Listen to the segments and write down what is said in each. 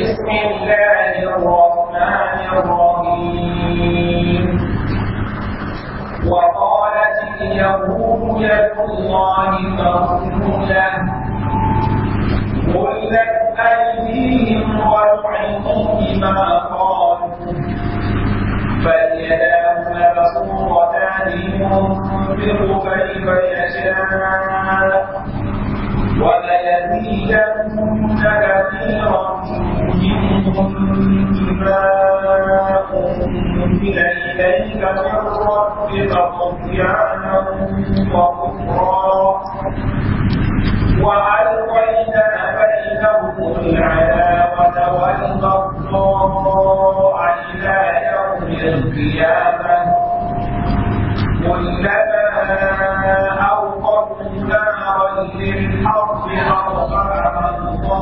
بسم الله الرحمن الرحيم وقالت اليهود يد الله مغلولة طغيانا وكفرا وألقينا بينهم العداوة والبغضاء إلى يوم القيامة كلما أوقدوا نارا للحرب أرسلها الله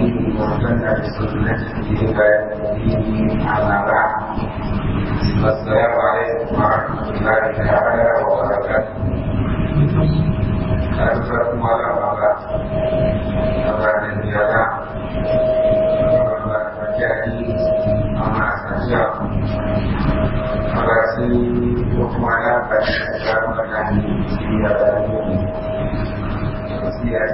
Assalamualaikum warahmatullahi wabarakatuh. dan Terima kasih Bagaimana dan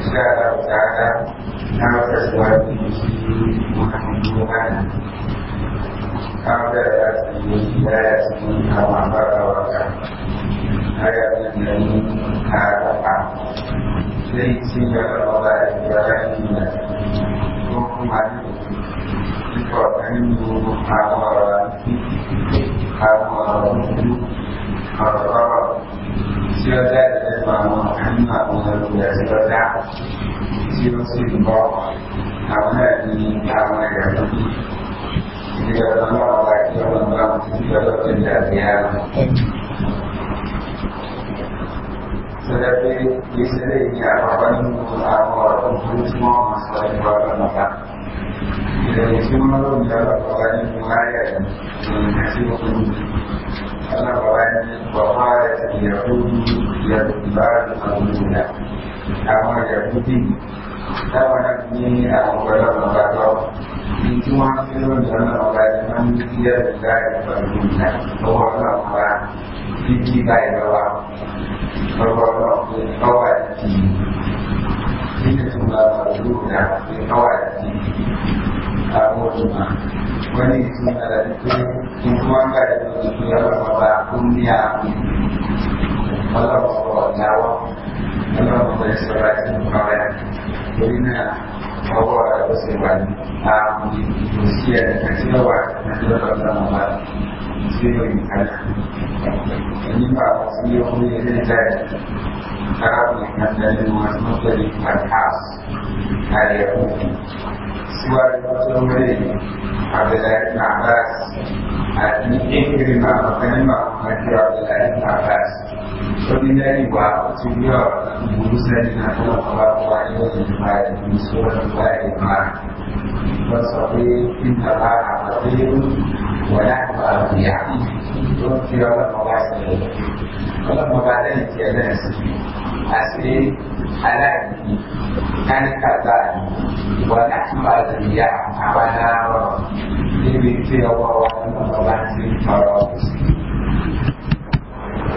insha Allah ta'ala na masa suwaji muhammadu Kawada da su yi da ya su yi kama ba da wata, haya bin da ni ka rafa, sai ci gaba da wata da ya yi da ko kuma ne, ko kan yi kawo wa kawo wa kawo wa 希望在你的马路安马路上主的车辆，希望是你包，然后呢，你打完人民币，这个能让我来这个能让这个挣点钱。Tetapi di sini apa yang mengusaha orang semua masalah yang berada Jadi semua orang dalam orang yang mengalir, mengasih كما قال وقالت اليهود يتبع قولنا أما اليهودي táwọn ní àwọn ọ̀pẹ̀lẹ̀ ọ̀gá lọ ní tí wọ́n fi ń lọ́nà lọ́nà ọ̀gá tí wọ́n ní kí ẹ̀ gbá ẹ̀fọ́ ìlú ìlà lọ́wọ́ ọlọ́ọ̀gá bí kí bá ẹ̀ lọ́wọ́ lọ́wọ́ ọlọ́ọ̀gá lọ́wọ́ àti nínú ìtura ọ̀gá kawo juma wani sun karatu in kuma karatu su maka Rasulullah nyawa Maka Rasulullah sebagai sebuah Jadi ini Allah ada kecewa Dan kita berkata nama Sini ini Ini Pak Rasulullah Yohli ini saya Sekarang ini ini Ada dari nafas Ini ikhrimah Maka ini Maka ini Maka familiari kwa kutumia uguzaji na kama kwa kwayo nyumbani misura nyumbani kwa kwa sababu inna laha fadhilu wa yakba al-qiyam don kiyo wa mawasi wala mabada ni kiyo na sisi asi halali kan kadani wa yakba al-qiyam abana wa ni bikiyo wa wa mabada ni kiyo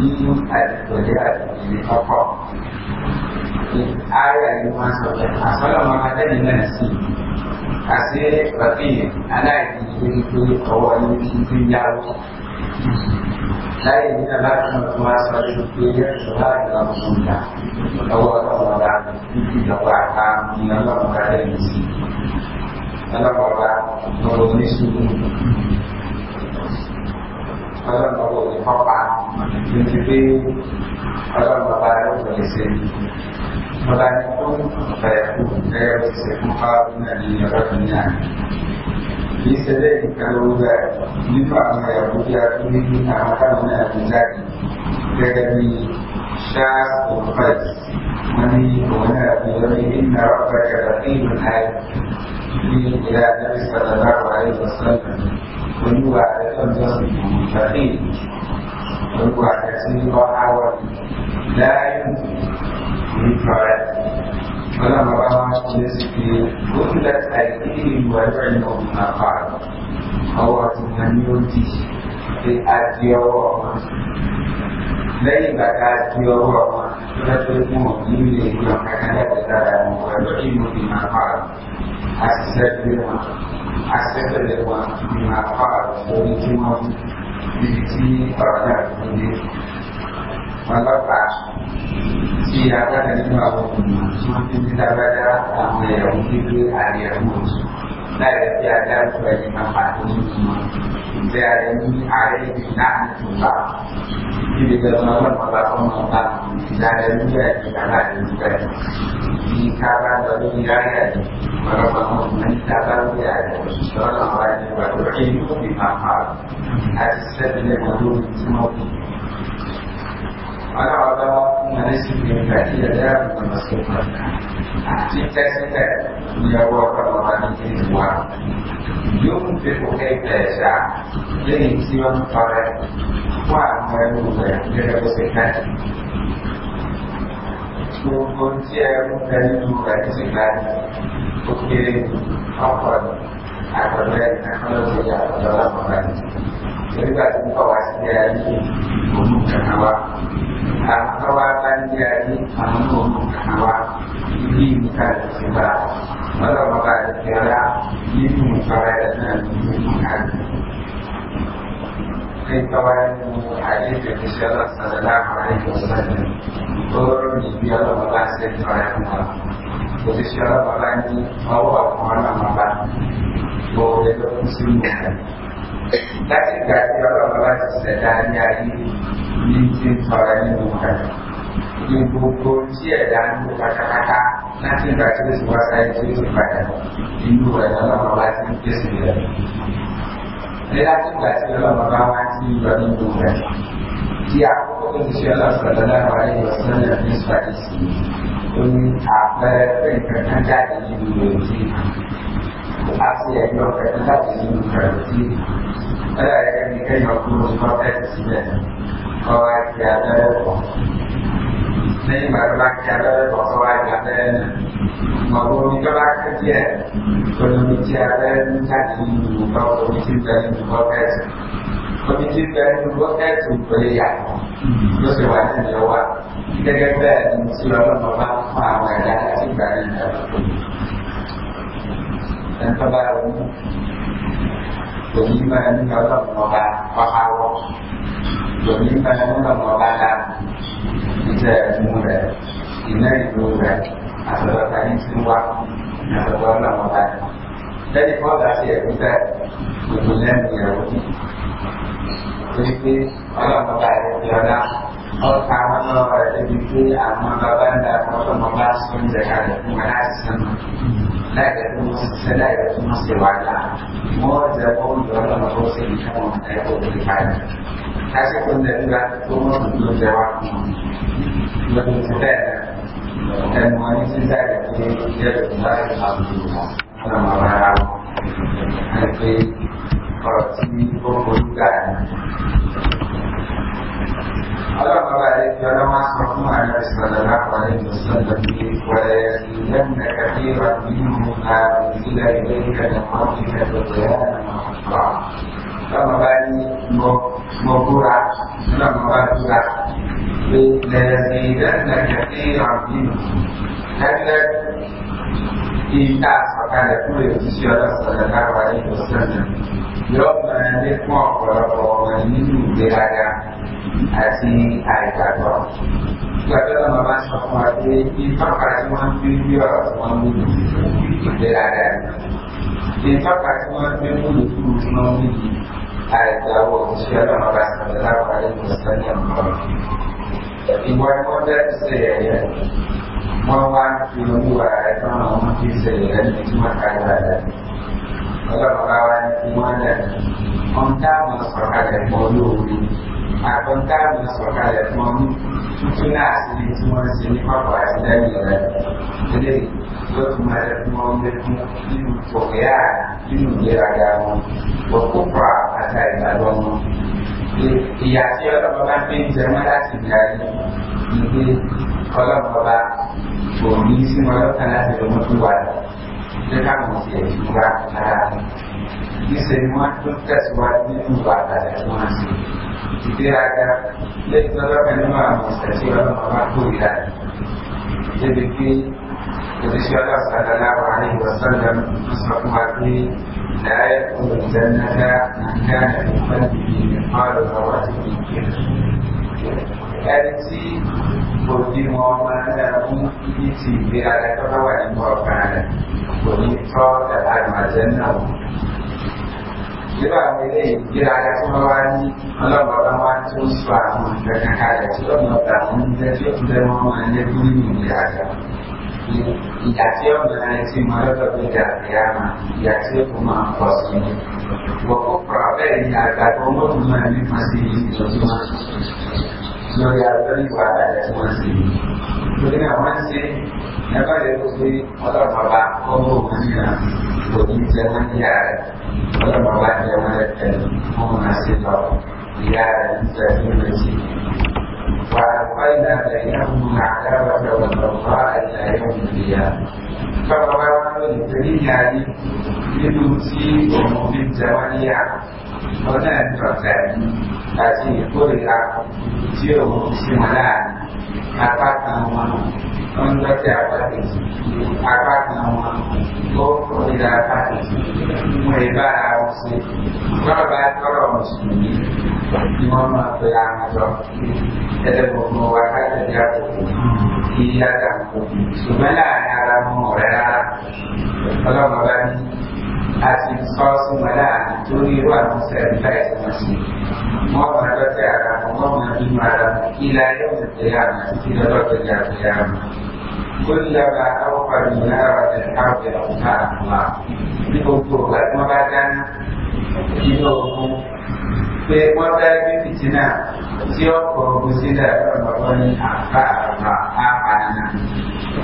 using as zodiac indicator form. In area you want something. As well as my dad in NC. I say, but then, and I didn't do it or I didn't do Saya ingin anak semua sebagai supir sebagai dalam muda. Kalau orang orang tidak paham, tidak mengerti. Kalau orang orang ini bapak baru di papan Mencicipi bapak berbayar berisi Bertanya pun Saya pun Saya bisa kumpul Di negara Di sedih Kalau juga Lima Saya buka Ini Akan Ini Menjadi Saya di Syas Al-Qais Ini Kemudian Ini Inna Rabbaka Rahim Al-Hayat Ini Ila Nabi Sallallahu Alaihi Wasallam berdua ada konjungsi berarti berdua ada simbol awal dan different kalau magana ne suke wanda aiki wanda ne ko na fara hawa tunaniyoyi sai di adio, dari tó bá tó semua òní yang ìgbọ̀n kankan lẹ́gbẹ̀ẹ́ dára mọ́ pẹ̀lú ìmúdìmọ̀ àpárá àṣìṣẹ́ aspecto del lenguaje, de la palabra, de uma dificuldade Maka pas siapa dari bawah semakin kita baca sama yang itu ada yang dari Nah, tiada sebagai manfaat ini semua. زادني عليه لعنة الله إذا تزمر الله الله زادني عليه لعنة الله إن كان ولي رعيته ورفعه من تابع رعيته وشرع عليه وتعينه بما قال أسس من الوجود الموجود maka kalau mengenai sumber gaji ada bermasukkan. Cinta cinta yang ingin buat Yung dipakai desa, jadi siwan para kuat mengenai dia bersikap. Mungkin siapa dari dua sikap, oke apa? Apa yang akan terjadi dalam mengenai juga bahwa dari umumkan hawa dan perbuatan dari umumkan hawa ini bukan sebab kalau maka dikira ini mukaranya bukan kawan hadis dari Rasulullah Sallallahu Alaihi Wasallam dia lepas dari Allah. Jadi Rasulullah ini bawa kemana mana boleh terus Tak ìgbà tí ọlọ́run bá ti ṣẹ̀dá ní ini ní ti kunci sọ̀rọ̀ nínú rẹ̀ ní gbogbo tí ẹ̀dá ń lò pátápátá láti ìgbà tí adalah ti wá sáyé tí ó ti padà nínú rẹ̀ lọ́lọ́run bá pun ń pèsè rẹ̀ ní láti ìgbà tí ọlọ́run ini apa yang terjadi di rẹ̀ aksi birokratisasi birokrasi ada yang dikali waktu proses sudah bahwa ada, ini barulah tiada bahwa ada maupun itulah kerja pembicaraan tadi atau pembicaraan proses pembicaraan proses supaya terus kewajiban jawab kita kata selalu memang faham ada kita dan saudara ini berlima ini kalau mengapa pahal berlima ini kalau mengapa bisa mudah ini mudah asal tadi semua asal mana mengapa dari kota sih kita betulnya dia Jadi orang berkata Tiana Kalau kawan berkata Jadi Menggaban dan Membahas Menjaga Mengenai Sama Nah Jadi Maksudnya Nah Jadi Masih Wajah Mau Jepun Dua Lalu Sehingga Memakai Publikan Kasih pun Dari Ratu Menurut Jawab Menurut Sudah Dan Mengenai Sisa Jadi Dia Berkata Alhamdulillah Alhamdulillah kalau gbogbo ìgbà ni. mo dikkat kepada kulit siswa tersadar pada Yerusalem. Yoma nikmo pada orang ini diraga hati aikatwa. Kata nama bahasa kuati itu kacauan video mami diraga. Itu kacauan video itu mami aikatwa siswa tersadar pada Yerusalem. Ibu-ibu dari saya mewakili warga memiliki seiran hikmat keadaan. Kalau kawan kemana, engkau masyarakat yang bodoh, atau engkau masyarakat yang mau cina sini semua sini apa sudah gila. Jadi lo kemarin mau beri Korea, beragam, berkupra ada yang Iya sih orang orang pinjam ada sih jadi kalau 我们一心为了看待这个问题外，这干部也是不干，大家，一心为了这是外地不干，大家不干。第二个，那这个肯定嘛，是希望他们注意点，这毕竟。jadi syada sallallahu alaihi wasallam asraf mati la yakul jannata nahkana ikhwan di mimpal rawat di kira ẹni tí òdiwọ̀n ọmọ náà mú ní ti ìlera rẹ tó bá wà nínú ọkàn rẹ kò ní tọ́ ẹ̀ka àjùmọ̀jẹ́ náà nígbà àwọn ilé ìgbéra rẹ tó bá wá ní ọlọ́mọba wá tó ń sọ àwọn ìgbẹ́ kankan rẹ tí ọmọ ọ̀gá àwọn oúnjẹ tí ó tún lẹ́ máa lé fún nínú ìlera rẹ ìyà tí ó mọ ẹni tí mo lọ́dọ̀ tó jà ìyá mà ìyà tí ó fún máa ń pọ̀ sí i wọ́n pọ̀ bẹ́ẹ̀ ni àgbàdo Menyadari kepada ada semua sih. Mungkin yang mana sih? Kenapa dia itu sih? Atau apa? Untuk mana? Bagi zaman ya. Atau apa zaman dan mengasih tahu. Ya, bisa sih. وأدخلنا بينهم العداوة والبغضاء إلى يوم القيامة فقرار فليها لتمسي ومبت وليعم ọ̀nà ìtọ̀tẹ̀ àti ìkórìíra tí òun sí wọn láàrin apá kan wọn ó ń lọ́tẹ̀ apákejì apá kan wọn ó kórìíra apákejì wọn ì bá gbogbo wa láti jẹ́ àpò kí yára kò ṣùgbọ́n láàrin ara mọ́ ọ̀rẹ́ rárá ọlọ́run bá ní a ti sọ sí wọn láàrin torí irú àwọn sẹ́ẹ̀lì láì sí wọn sí wọn mọ lọ́tẹ̀ ara wọn wọn mọ bínú ara wọn pé wọ́n dájú fìtínà tí ọkọ̀ ogun sílẹ̀ lọ́wọ́ ní àbá àbá àpànà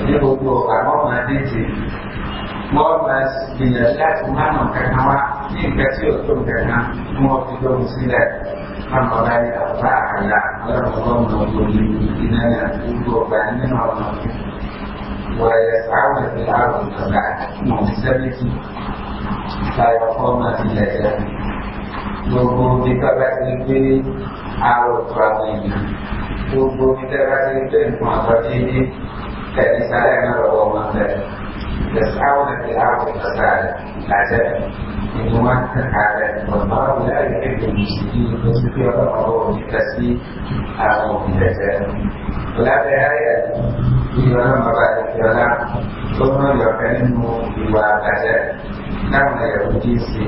ní gbogbo àwọn ọmọdé wọ́n máa gbìyànjú láti má nà kankan wá ní nǹkan tí ò tó nǹkan kan wọ́n fi lóhun sílẹ̀ káwọn ní àbá àlà ọlọ́pàá ọmọ ogun ní náà gbogbo ọgbà nínú Tubuh kita kasih arus ini Tubuh kita kasih masa ini Dari saya merawat dan Kesal nanti arus besar aja, Minuman terkadang Memang ya ini bermisi Mesti orang orang dikasih Arus saja Lada ya Di dalam berada di dalam Semua yang akan Ibadah saja Karena ya Ujisi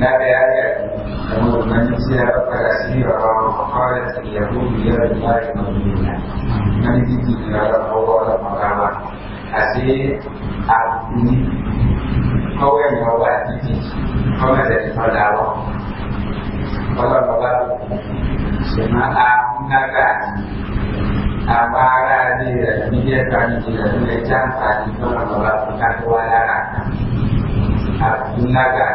Nabi ayat Menurut manusia pada sini Bahwa Mokhalat Yaitu Bila Bila Bila Nanti itu Bila Bila Bila Bila Bila Bila Bila Kau yang mau Bila Bila Bila Bila Bila Bila Bila Bila Bila Bila Bila Apara di media kami tidak boleh cantik Kita melakukan kewalaran Harus gunakan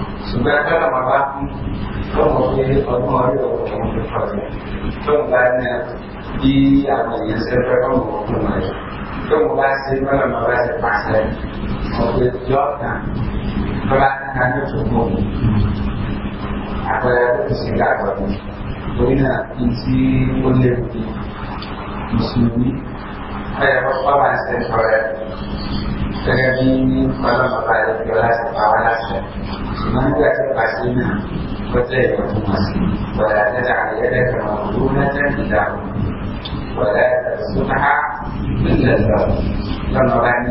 Sebenarnya maka kemudian pengaruh untuk kemudian pembangunan di yang serba kemudian kemudian serba lembaga terpaksa kemudian jawabkan pelatihannya cukup apa yang itu singkat waktu Bagaimana insi mulia muslimin Saya berpahala saya Sekarang kalau makan kelas awalas, mana kita sepasina betul betul masih. Walau tak ada ada kemampuan dan tidak. Walau sudah tidak. Kalau orang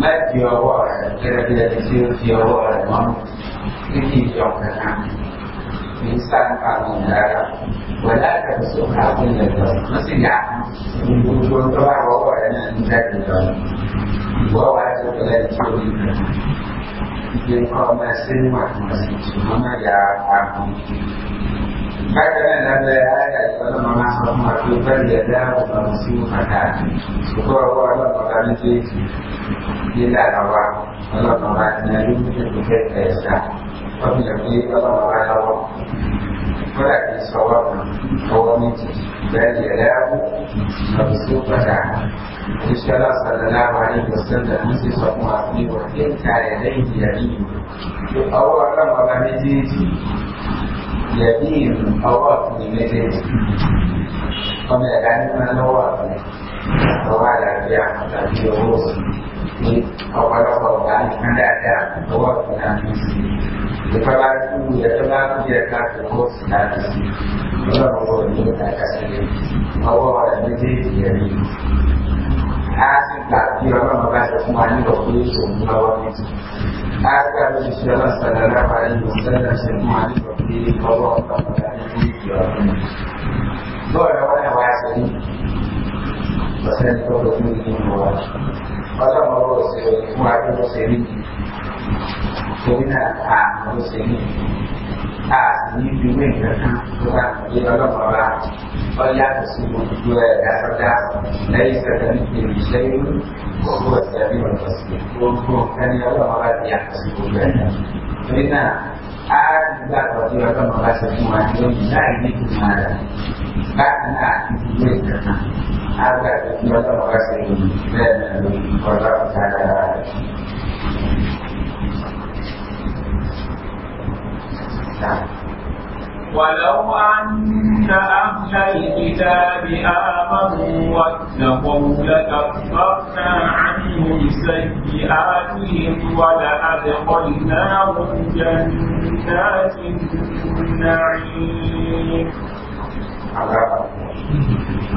mati awal, kerana dia kecil dia awal, mampu. Ini yang kena. insan kamu neraka wala ta su kamun da ta musu ya kun ta ba wa wannan da da wa wa ta kula da ciwo yin kuma sun ma masu kuma ya kamu Baca na ada ada kalau mama sama aku berbeda bukan musim kata. Syukur aku Allah makan itu tidak awak. Allah makan itu kita kita wanda ke kama rayawa wanda ke tsawon kawaminci da ya lagu a bisu fata inshallah sallallahu alaihi wasallam mun sai sa kuma ne wa kinta ya dai ya yi to awwa kan ba ne ji ya yi awwa ne ne ji kuma da ganin na lawa ne kawai da ya ta biyo wasu ni ọ̀pọ̀lọpọ̀ ก็ต้องมาโรสีมาที่โรสีนี่ผมน่าถามโรสีนี่ถ้าสิ่งนี้ดูไม่นะครับทุกท่านที่เราต้องมาว่าก็ยากที่สุดด้วยการประกาศในสถานที่วิเศษของผู้เสียชีวิตของสิ่งผู้ผู้ท่านเราต้องมาว่าที่ยากที่สุดด้วยเพราะนั้นอาจจะต้องมาว่าสิ่งที่มันไม่ได้นี่คือมา أن ولو أن أهل الكتاب آمنوا واتقوا لكفرنا عنهم سيئاتهم ولأدخلناهم جنات النعيم àgbàpà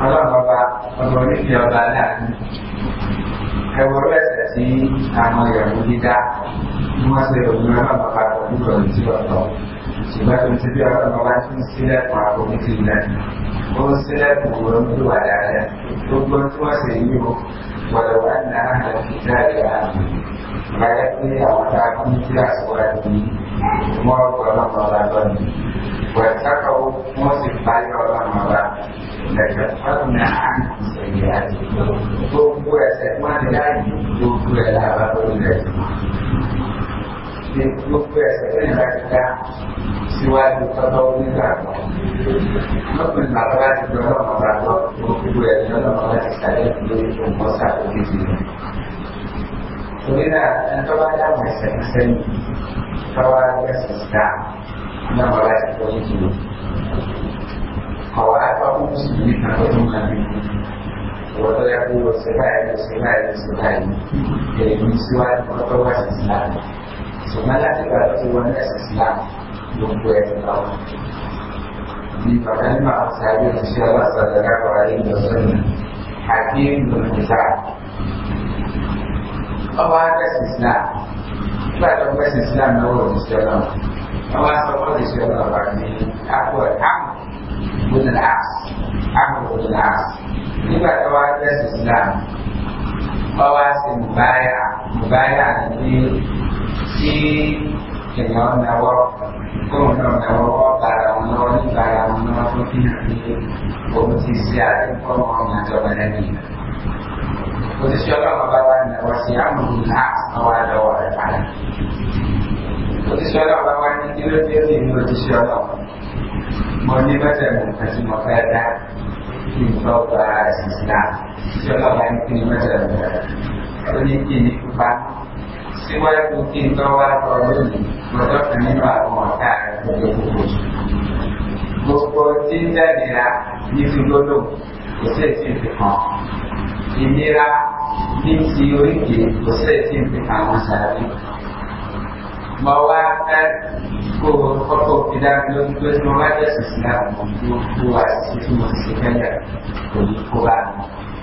ọlọ́ọ̀bọ̀bá ọmọ oníkì ọba láàánú ẹwọ ẹsẹ̀ tí àwọn ìyàwó dídá bí wọ́n ṣe òun ọlọ́ọ̀bọ̀bá lọ nígbà tí ọ̀tọ̀ ṣùgbọ́n tó ti bí ọlọ́ọ̀bọ̀bá tí ń sílẹ̀kùn àbò nítorí ولو أن أهل الكتاب آمنوا لا يكفي أو تعلم في أسواقهم مرض ومرضا واتقوا موسم باي ومرضا لكفرنا عنهم سيئاتهم ثم هو سيئات لا يجوز ولا غير ذلك से जो कोई ऐसा yang mesin itu sebaik, sebaik, sebaik Jadi misiwan masih ṣùgbọ́n láti gba tí islam gbogbo ẹ̀ lọ. Bí bàbá ní màá sáré òṣìṣẹ́ ọlọ́sọ̀rọ̀ lápá ayé ìjọsọ́nù àti ìgbòmìnira. islam nígbà tó islam lọ́wọ́ òṣìṣẹ́ náà. Ọwọ́ aṣọ wọ́n lè ṣe ọ̀nà ọ̀bà ní àpò àmì gbóná àṣì àmì islam, ọwọ́ aṣọ mùbáyà mùbáyà si posisi orang bawaannya wasiat menghina awal awal ada posisi orang bawaannya tidak dia di posisi orang mau dibaca mengkaji maka ada info bahasa Islam posisi orang bawaannya tidak baca ini ini kupang ชื่อว่าคุณจินโตวาตอนรุ่นมันก็ทำให้บาปหมดได้บุคคลที่ได้เนี่ยมีสิ่งโลก不是性健康，因为啦，你只有一点不是性健康的产品。Mawakan ku kau tidak belum belum ada sesuatu yang membuat situasi kaya kuliah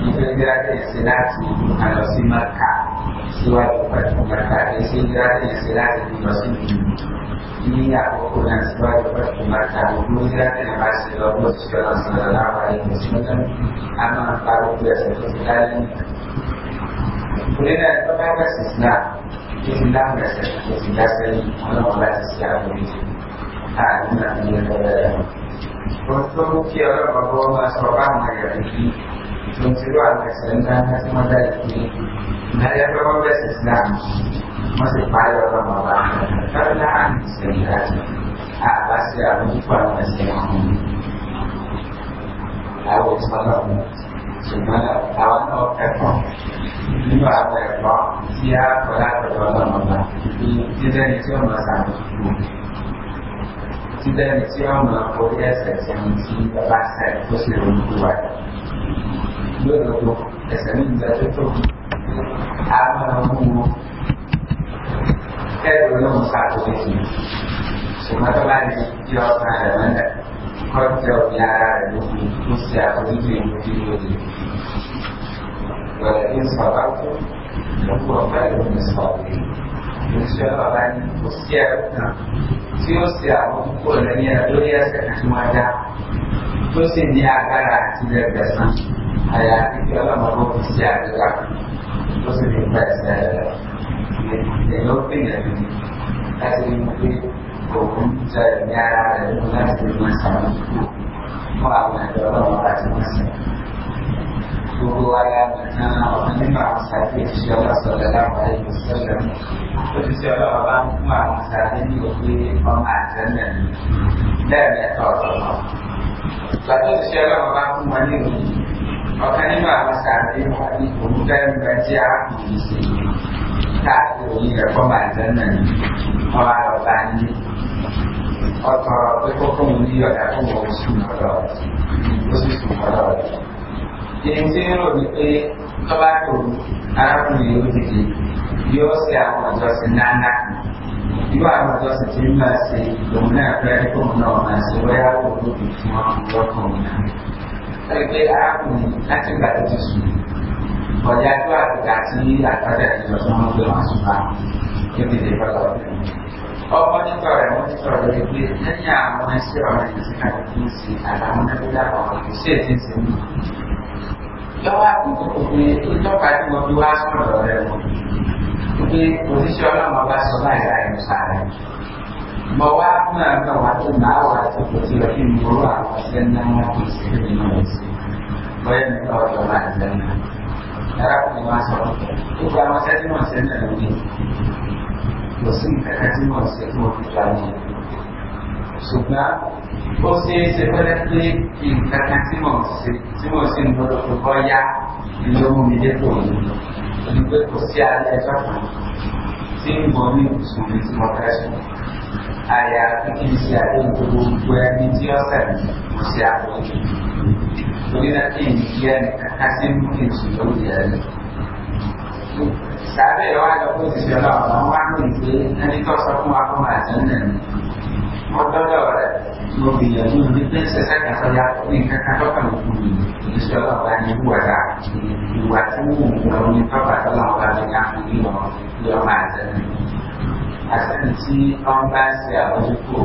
hijira islati ala si Makkah suatu perkembangan hijira islati di Rasul ini aku punya suatu perkembangan hijira yang masih lembut sekarang sallallahu alaihi wasallam aman baru biasa sekali Kemudian ada apa Islam? Islam dasar, Islam dasar Allah Allah secara begitu. Ah, ini adalah untuk kira bahwa masyarakat menghadapi conservando essa alimentação moderna. Na época, uma vez ensinamos, mas o pai era uma vaca, para dar a sanidade, a base era muito para fazer a ruim. A outra falava muito. Semana awal awal ekor, lima awal ekor, dia tidak itu yang tidak itu masalah, boleh saya sendiri bahasa itu sudah yóò lọ tó ẹsẹ̀ ní ìgbà tó tó àwọn ọmọ wọn kẹ́rù ló ń sàkóso sí ṣùgbọ́n tó bá ní bí ọ̀sán rẹ̀ mẹ́ta kọ́ńtẹ́ òní ara rẹ̀ ló fi tó ṣe àforíjì ìlú bí ó lè wọ̀lẹ̀ ní sọ̀rọ̀ tó lọ́kọ̀ ọ̀gá ìlú ní sọ̀rọ̀ Ìṣẹ́ ọ̀la ni kò sí ẹ̀rọ kan tí ó ṣe àwọn púpọ̀ lẹ́yìn lórí ẹsẹ̀ tí wọ́n dá tó sì ní agbára àti ẹgbẹ̀sán. hayati itu akan membuat siap itu terus saya developing ya ini kasih mungkin hukum jadinya dan mulai dari masa itu melakukan dalam meracu masa buku ayat dan ini maaf saja insyaallah sallallahu alaihi wasallam insyaallah orang maaf ini lebih mengajar dan dan ya kalau Lalu siapa orang kembali ọ̀kan nínú àwọn sàbí àbí òǹfẹ́ ńlẹ̀ tí a kù í sí káàkiri òyìn rẹ̀ fọ́mà ìdáná ni wọ́n á lọ bá ní ọ̀tọ̀ pé kókó òun ní ọ̀dà fún òun sùn lọ́dọ̀ ó sì sùn lọ́dọ̀ rẹ̀. Ìyẹn tí ń rò ní pé tọ́ba tó arákùnrin yóò dìde yóò ṣe àwọn ọ̀jọ́sìn náà irú àwọn ọ̀dọ́sìn tí ń bá ṣe lòun náà fẹ́ẹ́ kóun náà máa ṣe wáyà kó tó fi fún ọkàn náà. berbeda kasih dari Yesus. Banyak itu ada kasih, ada dari Yesus nama bermasukkan yang tidak perlawanan. Oh, monitor ya, monitor dari beritanya, masih orang yang sekarang fungsi, ada mana beda orang itu sih sini. Jawab aku kemudian itu coba itu mau dua sama dari Tapi posisi orang mau bahas orang yang lain misalnya. mawaƙi na ga wato na awa ta kuci da fin di a wasan Kau na kuci da liman su bayan da kawai da ma'a zanna na rafi ma sauran ko ba masa ji masu yana da wuri to sun kaka ji masu ya kuma fita ne ṣùgbọ́n ó ṣe é ṣe fẹ́rẹ́ pé kí n kankan tí mo ṣe ń lọ́dọ̀ tó kọ́ yá ìlú mú mi dépò yìí ìlú pé kò sí Ayat kí n ṣe àdéhùn gbogbo ẹni tí ọ̀sẹ̀ mo ṣe àdéhùn torí náà kí n yí ẹni kankan sí mú kí n sùn lórí ẹni. sábẹ́ ìwà kan sọ ya ní kankan tó kàn fún mi ìṣẹ́ ọlọ́ọ̀bá ní ìwà dá ìwà tí wù wọ́n àti tí wọ́n bá ṣe àmójútó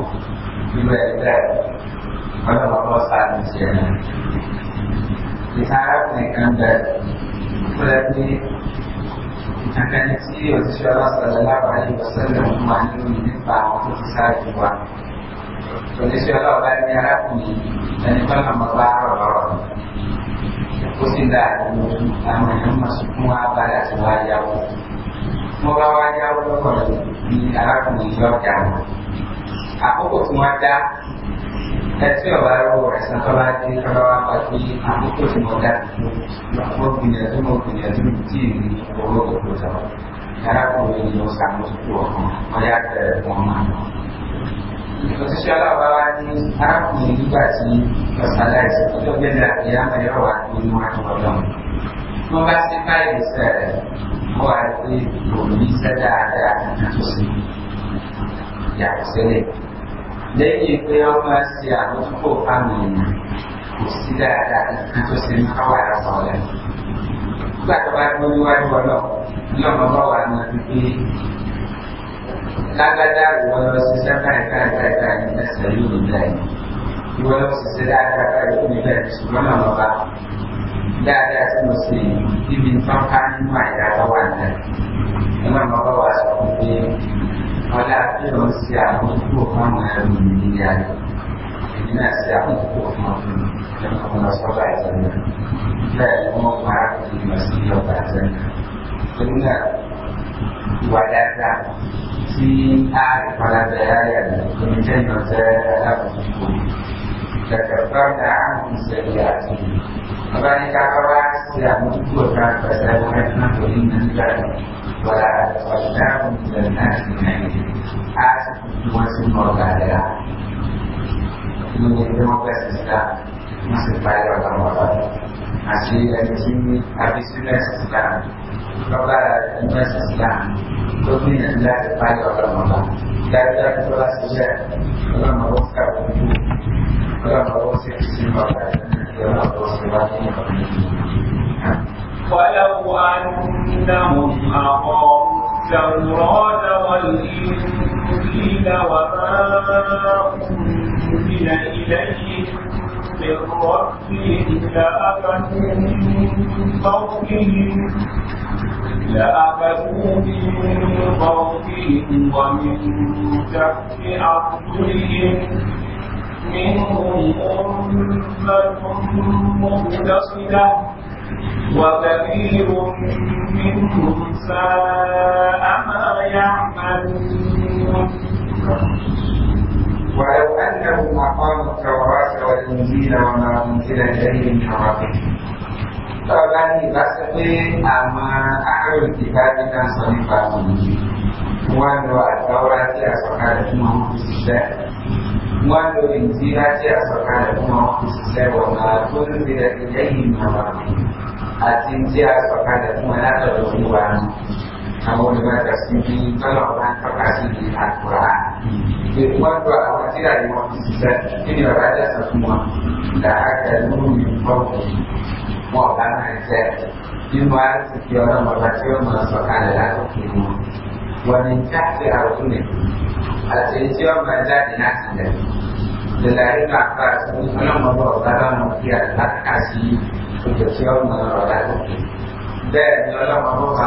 irú ẹgbẹ́ ọlọ́wọ́ bọ́ sáàmì ṣe ẹ̀ ìtarákùnrin kan bẹ ó lẹ pé ìtànkẹ́ni tí òṣìṣẹ́ ọlọ́sọ̀rọ̀ lábàáyé ọ̀sẹ̀lẹ̀ ń wà lórí nípa àwọn tó ti ṣáájú wa òṣìṣẹ́ ọlọ́ọ̀bá ní orang. ẹni tó nà mọ́ bá Moga-moga Allah kalau diarahkan menjawabkan. Aku kok semua dah Tapi baru Rasul Kabati Kabawa Pati Aku kok semua dah Aku punya itu mau punya itu Cini Aku kok semua Karena aku ini Usah musuh Melihat dari Muhammad bahwa ini Aku ini juga sih Masalah itu Itu beda Ya Mereka waktu Ini wọ́n bá ti ká ìgbésẹ̀ rẹ̀ wọ́n wá pé kò ní iṣẹ́ dáadáa nítòsí yàtọ̀ sílẹ̀. lẹ́yìn pé wọ́n máa ṣe àmójútó fámìlì náà kò sí dáadáa nítòsí káwá ẹ̀rọ rẹ̀. nígbà tó bá dúró níwájú ọlọ́ ọlọ́mọ bá wà ní pípé lágbádá ìwọ lọ ṣiṣẹ́ báyìí báyìí báyìí báyìí ní ẹsẹ̀ yóò ní báyìí ìwọ lọ ṣiṣẹ́ dáadáa báyìí yóò ní báyìí ṣùgbọ́n 大家不是比平常快一点的完成，那么我们说的后来的那些，我们不可能每年、每年说我们不可能做到十倍上面。那我们还不能比他多百分之。所以，我觉得，虽然我们大家，我们今天大家。Jakarta bisa Mereka kelas tidak mengumpulkan bahasa Muhammad Beriman dan Wala dan As dua semua kada Menjadi demokrasi Islam Masih pada orang-orang Masih dari sini Habis sudah Islam Kepada Universitas Islam Kemudian adalah kepada orang-orang Dan dari kelas sudah orang فلو أنهم أقاموا التوراة والإنجيل وما أنزل إليهم من ربهم لأبدوا من فوقهم لأبدوا من فوقهم ومن تحت أرجلهم منهم أمة مقتصدة وكثير منهم ساء ما يعملون ولو أنهم أقاموا التوراة والإنجيل وما أنزل إليهم من ربهم Tọ́lá ní ìbáṣe pé àwọn àrùn ìbáde náà sọ nípa àwọn ìlú. Wọ́n lo àtọ́wá tí a sọ̀kalẹ̀ fún àwọn òṣìṣẹ́. ومن أنزلت أسركم وما أنزل إليهم من ربهم أتنزل أسركم ولا تدعوا àwọn olùgbàgbà sí ní tọ́lọ̀ máa ń tọ́ka sí ní àkùrá. Ìwọ́n tó àwọn tí àyè wọn ti ṣiṣẹ́ kí ni bàbá jẹ́ sọ fún wọn. Dàákẹ́ lórí ìfọ́kù wọn ọ̀gá náà jẹ́ nínú àtìkí ọlọ́mọba tí asinción verdad y De la De no vamos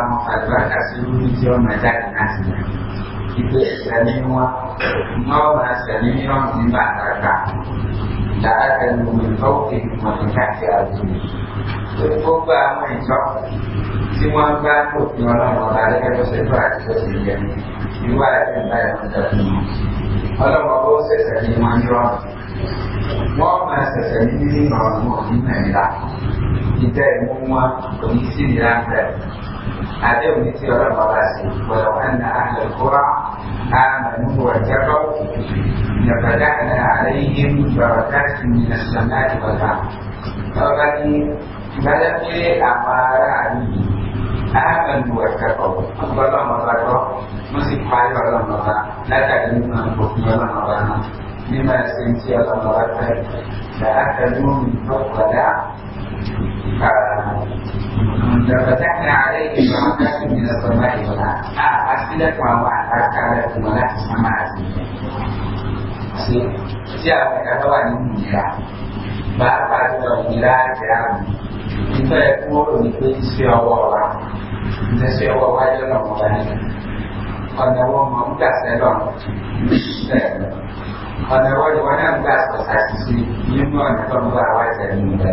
a لأكل من فوقه ومن تحت أرجله gbogbo àwọn ìjọ tí wọ́n bá lòpin ọlọ́run ọba lẹ́gbẹ̀ẹ́ tó àti tó sì yẹ ìwà ẹ̀sìn bá ẹ̀rọ ìjọ fún wọn ọlọ́run ọba ó ṣẹ̀ṣẹ̀ ní wọn ní ọ̀nà wọ́n máa ṣẹ̀ṣẹ̀ ní nínú ọ̀run ọ̀nà ìlà ìtẹ́ ìmú wọn kò ní sí ìlànà àdéhùn ní tí ọlọ́run bàbá sí wọ̀lọ̀ ẹ̀nà àlẹ́ kúrà آمنوا واتقوا لفتحنا عليهم بركات من السماء والأرض ọba ní ìbájá pé àwọn ará mi ámẹ́nu ẹ̀kẹ́kọ̀ọ́ ọgbọ́n ọlọ́run ọba gbọ́ wọ́n sì parí ọlọ́run ọba látàrí nínú òfin ọlọ́run ọba náà nígbà tí ń tí ọlọ́run ọba pẹ́ làákàdúró ìgbọ́kọ̀dá เราจะแทบนาได้ยินมาได้ยินเราสมัยโบราณอาอาชีพความหวานรักการและคุณลักษณะมาดีเชื่อไหมครับว่านี่มีราบาปาตัวมีราจะอ่านนี่ก็ยังพูดถึงที่เสียวว่าในเสียวว่าจะลงมาได้ตอนนี้ว่ามันกัดเสียลงแต่ตอนนี้ว่าจะว่านั่งกัดภาษาสิยิ่งว่าจะต้องว่าว่าจะมีได้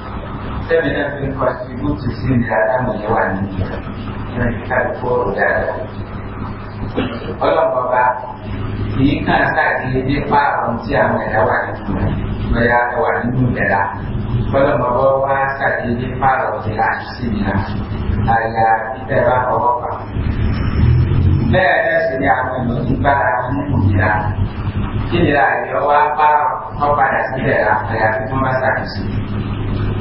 sẹ́mi náà fi ń kọ́ntribútì sí ìdá táwọn yẹn wà nínú ìrìn kíkà lóko ọ̀rọ̀ dáadáa. ọlọ́mọba kìí kàn sáàdìyẹ nípa àwọn tí àwọn ẹ̀dá wà nínú rẹ̀ lọ́yà wà nínú ìdẹ̀ra ọlọ́mọba wá sáàdìyẹ nípa àwọn ìdẹ̀ra sí ìdẹ̀ra àyà ìfẹ́ bá ọwọ́ pa. bẹ́ẹ̀ náà sì ni àwọn ènìyàn ti gbára nínú ìdẹ̀ra kí ìdẹ̀ra ìyọ́ wá bá ọ padà sí ìdẹ̀ra àyà fífún bá sàkóso.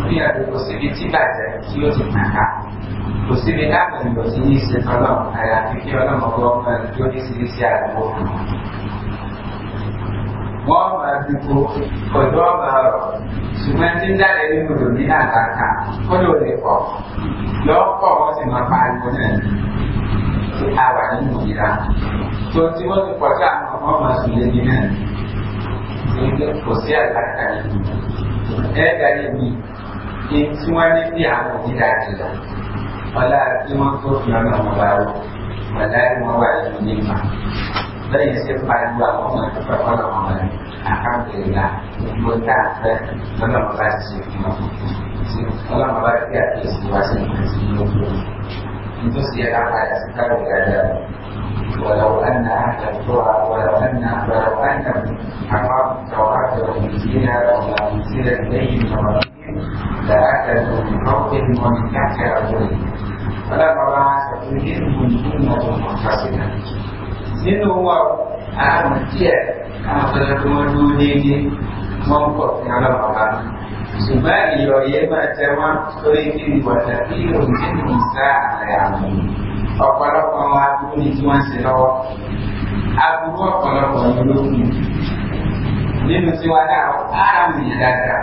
gbìyànjú kò síbi tí bàjẹ́ tí ó ti tàn ká kò síbi láàbùn ìlò tí ní ṣe tọ́lọ̀ àyàfi kí ọlọ́mọ gbọ́ ọmọdé tó ní sí sí àdúgbò. wọ́n máa dúpọ̀ pẹ̀lú ọmọ ọ̀rọ̀ ṣùgbọ́n tí ń jáde nínú rò ní àgbàkà ó lò lè pọ̀ lọ́pọ̀ wọ́n sì máa pariwo náà ní àwà nínú ìlà tó tí wọ́n ti pọ̀ sí àwọn ọmọ ọmọ sùn lébi náà kò sí àgbàkà yìí ẹ̀ẹ́dà yìí ní tí wọ́n ní bí àwọn onídàájọ́ lọ ọlá tí wọ́n tó fi ọ̀nà wọn bá wọ ọ̀lá tí wọ́n wà nínú nípa lẹ́yìn sí pariwo àwọn ọmọ ìfẹ́ ọ̀nà wọn rẹ̀ àkàǹtẹ̀lá gbogbo tá a fẹ́ lọ́nà wọn bá ti ṣe fún wọn lọ́nà wọn bá ti àkíyèsí wá sí ìgbà tí wọ́n tó nítorí ẹ̀ka padà sí káàdì فأكد من فوق ومن تحت رجله فلا طلع فيهم سنة منفصلة nínú wa àwọn díẹ̀ àwọn tọ́lá tí wọ́n dúró déédéé wọ́n pọ̀ sí ọlọ́pàá ṣùgbọ́n ìrọ̀yẹ́ máa jẹ wọ́n lórí kí ni wọ̀tà bí òun tí mò ń sá àlẹ́ àmì ọ̀pọ̀lọpọ̀ àwọn aburú ni tí wọ́n ń ṣe lọ́wọ́ aburú ọ̀pọ̀lọpọ̀ ni olókùn nínú tiwa náà á rà mí dáadáa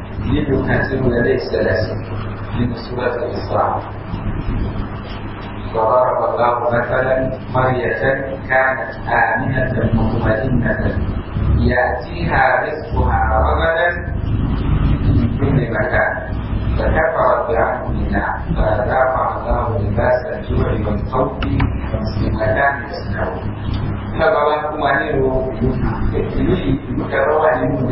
لأنه كانت لديه سلاسل من سورة الإسراء وضرب الله مثلا قرية كانت آمنة مطمئنة يأتيها رزقها رغدا من كل مكان فكفرت بأنعم الله فأذاقها الله لباس الجوع والخوف بما كانوا يصنعون. فبركم أنه يكتبوا يكتبوا أنه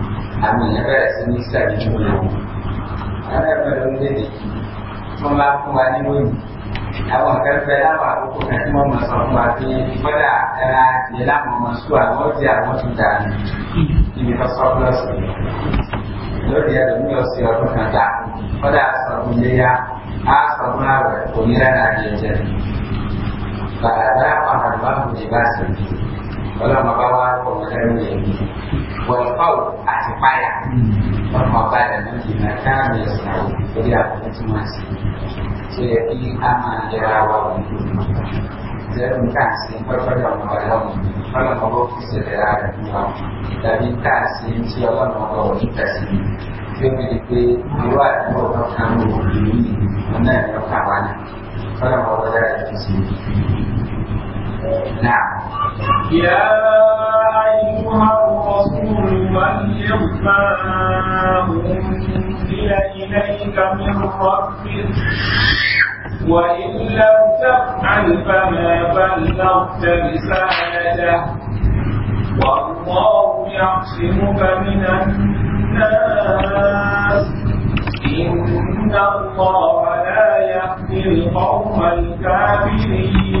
Amin. Apa yang ní sẹ́yìn ní ìlú. Ẹlẹ́gbẹ̀rún méjèèjì tó ń bá fún wa bela wòyí. Àwọn akẹ́kọ̀ọ́ láwọn àkókò kan tí wọ́n mọ̀ sọ fún wa pé kọ́dà ẹ̀rá adìẹ láwọn dia sùn àwọn ọ̀dẹ àwọn tó dà ní ibi tó เวลามาบ้าว่าผมจะได้เงินควรเข้าอาจจะไปอ่ะต้องขอไปแต่นั่นทีนะถ้ามีสาวก็อยากเป็นสมาชิกเสียที่ข้ามาเยาว่าผมนเรื่องการสิ่งก็ค่อยๆลงไปลงเพราะเราไม่รู้สิ่เสียได้เราแต่มีการสิ่งเชื่อว่าเราโดนแต่สิ่งเรื่องีดีหรือว่าเราต้องทำดูดีมันแน่เราทำวันเพราะเราไม่ได้จริง نعم يا أيها الرسول بلغ ما أنزل إليك من ربك وإن لم تفعل فما بلغت رسالته والله يعصمك من الناس إن الله لا يهدي القوم الكافرين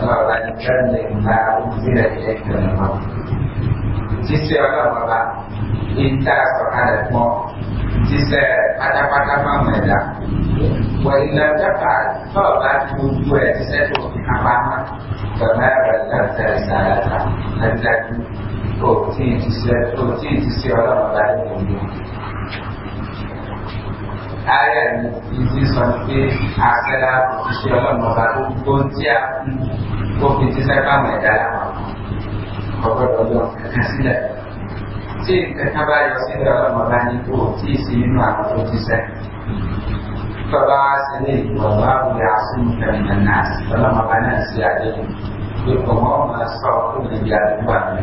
ọlọ́ọ̀bá ní kẹ́lẹ́ ìgbà òkúzílẹ̀ ìlẹ́kẹ̀ẹ́ lọ́wọ́. Ṣíṣe ọlọ́ọ̀bá ìta sọ̀kalẹ̀ pọ̀ ṣíṣe pátápátá fáwọn ẹ̀dá. Wọ ilẹ̀ dábà tọ́ọ̀bá tó gbogbo ẹ̀ ṣiṣẹ́ tó fi kápá mọ́. Bàbá rẹ̀ lọ́tẹ̀ ṣàlàyé àti dájú. Kò tí ì ti ṣe ọlọ́ọ̀bá ní òun ayé mi ìdí sọ pé àṣẹlá òṣìṣẹ́ ọlọ́run ọba tó tó ń tí a fún tó fi ti sẹ́pà mọ̀ ẹ̀dá láwọn ọgbọ́dọ̀ ọjọ́ kankan sílẹ̀. tí kankan bá yọ sílẹ̀ ọlọ́run ọba ní kó tí ì sí nínú àwọn tó ti sẹ́. tọ́ba wá sí ilé ìgbọ̀nwá wúlẹ̀ àsùnmù fẹ̀mìnà náà sí náà sí àdéhùn pé kọ̀mọ́ ọmọ sọ̀rọ̀ tó lè àdúgbò àmì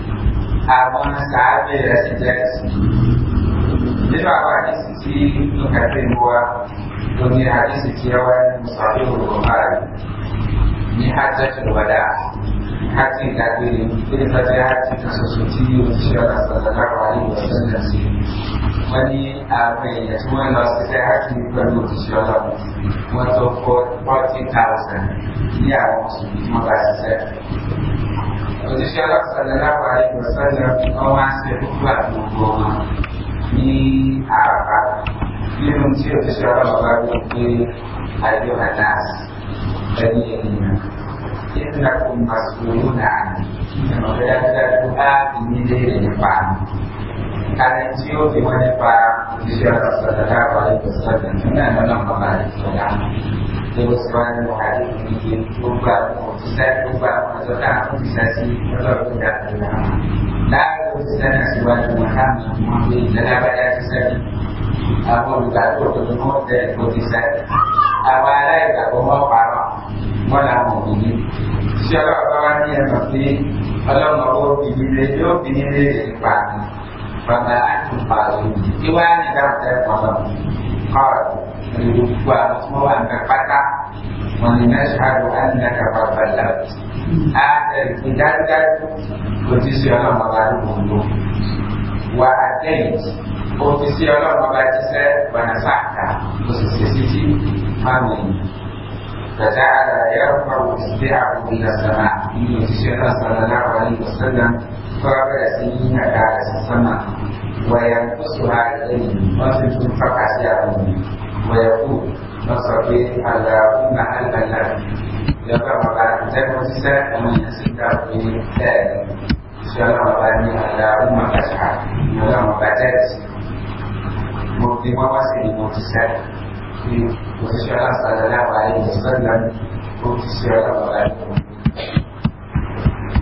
àwọn sàábẹ̀ rẹ̀ sì jẹ́rẹ̀ sí. Nínú àwọn àdísì tí nǹkan tí ń wá, ó ní àdísì tí ó wá ní Mùsàlẹ́ Òrùkọ̀márì ní Hajjẹ́tù Wàdà. Hajji ìdágbére ní ta Hajji kan ṣoṣo tí ó ti ṣe ọ̀nà sọ̀tàlá wà ní ìwọ̀sán náà sí. Wọ́n ní àwọn èèyàn tí wọ́n lọ sí Hajji pẹ̀lú òṣìṣẹ́ ọlọ́run. Wọ́n tó fọ́ 40,000 ní àwọn wọ́n bá Òjíṣẹ́ sallallahu alaihi wasallam wọ́n wá ṣe púpọ̀ gbogbo wọn ní àràbà nínú tí òjíṣẹ́ ọlọ́pàá ló gbé ayé adáàs ẹni ènìyàn. Ìtìlákùn Màsùlùmí náà ni ìmọ̀lẹ́ dájúdájú bá ìní léèrè nípa mi. Kálí tí ó fi wọ́n nípa òjíṣẹ́ sallallahu alaihi wasallam náà Demonstran mengaji bikin konsisten lubang atau harmonisasi atau perbedaan agama. Dan konsisten sebuah rumah kami mengambil dengan banyak sesuatu. Apa juga untuk terdengar dari konsisten Awalnya juga aku mau parah Mana mau ini Siapa orang yang masih Kalau mau bini dia bini dia depan Banggaan kembali Iwan yang kata Kalau berubah semua berkata menashhadu anda dapat ballaghta ada ditinggalkan posisi Allah mengadu mundur wa atait posisi Allah membaca saya wanasaka posisi sisi amin فجعل sana, إصبعه إلى السماء من سيدنا صلى الله عليه وسلم فرفع سنين على السماء ini masih وفي الفقع سياره ويقول فصلي على أمة الله ذكر بعد تنسى من ستة من ثاني سلام بني على أمة فتحة يوم بدأت مبدي مواسم موتسة وتشعر صلى الله عليه وسلم وتشعر عليه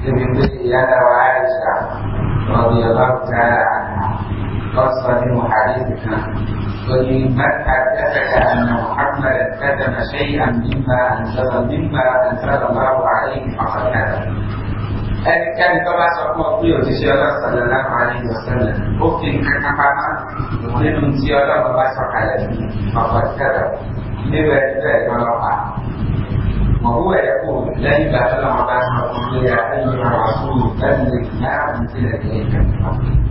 ابن بني يانا وعائشة رضي الله تعالى عنها قصه محادثه قل من حدثك ان محمد كتم شيئا مما انزل مما انزل الله عليه فقد كتم كان كما سقط في سيرة صلى الله عليه وسلم أختي كان كما يقول من زيارة وما سقط على دين فقد كذب نبى إلى يراها وهو يقول لا يبقى لما بعثنا قلت يا أيها الرسول بلغ ما أنزل إليك من قبلك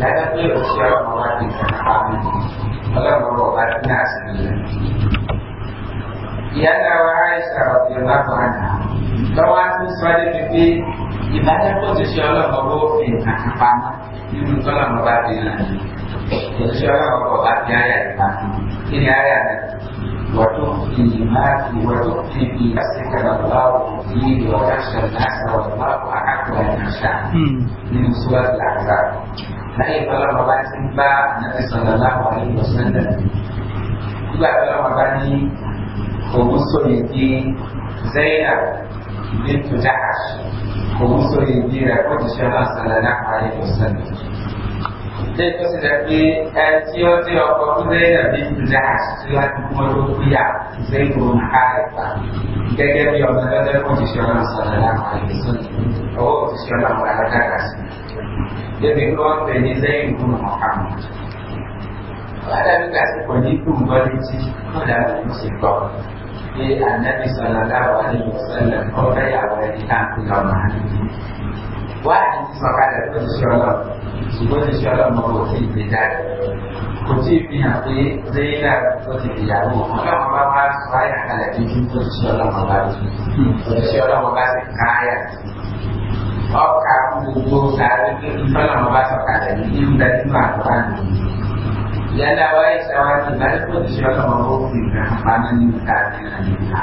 मैंने अपनी उसके भगवान की संस्थान अगर भगवान ना सही यह दरवाजा इसका अवतना पढ़ना भगवान से स्वाद व्यक्ति इबादत को जिसे अल्लाह भगवान की संस्थान ini mencoba membatin Jadi seorang Ini ayat Waktu imat, waktu tibi Asyikkan Allah Ini wa rasyal Allah Wa akwa Ini surat al lẹ́yìn tó lọ́wọ́ bá ti ń bá ànábì sọ̀rọ̀ láwọn àyè ìwọ̀sẹ̀lẹ̀ nígbà tó lọ́wọ́ bá ní òun sóye di zẹ́yà ní tujahash òun sóye di rẹ̀ kó ti ṣe náà sọ̀rọ̀ láwọn àyè ìwọ̀sẹ̀lẹ̀ lẹ́yìn tó ti dẹ̀ pé ẹ tí ó ti ọkọ̀ tó zẹ́yà ní tujahash tí wọ́n ti mú ọdún kúyà zẹ́yìn tó ń ká rẹ̀ pa gẹ́gẹ́ bí ọmọ débi ńlọ ń tẹ̀lé lẹ́yìn tó mọ̀ ká mọ̀. Wàhálà mi kà sí pẹ̀lú ikú ìwọlé tí kọ́lá mi ń ṣe gbọ́. Ṣé ànábì sọ̀rọ̀ láwọ̀ ní ìwọ̀sẹ̀lẹ̀ ọ̀fẹ́ ìyàwó ẹni káàkiri ọmọ àná? Wá àti ti sọ̀kalẹ̀ tó ti ṣe ọlọ́ ṣùgbọ́n ti ṣe ọlọ́mọ kò tí ì gbé jáde. Kò tí ì fi hàn pé Zéyílà tó ti di ìyàwó. Ọlọ́mọ bá wá sọ àyàkálẹ̀ tuntun tó ti ṣe ọlọ́mọ bá tuntun. Òṣìṣẹ́ ọlọ́mọ bá ti ká àyà tuntun. ọkà gbogbo sáré itu ìfọlọ́ wọn bá sọ̀kalẹ̀ ní ìgbàdúrà àkọ́kọ́ yálà wáyé sáwájú láti kó ti ṣọ́nà sama òfin náà pamọ́ ní káàdì náà kita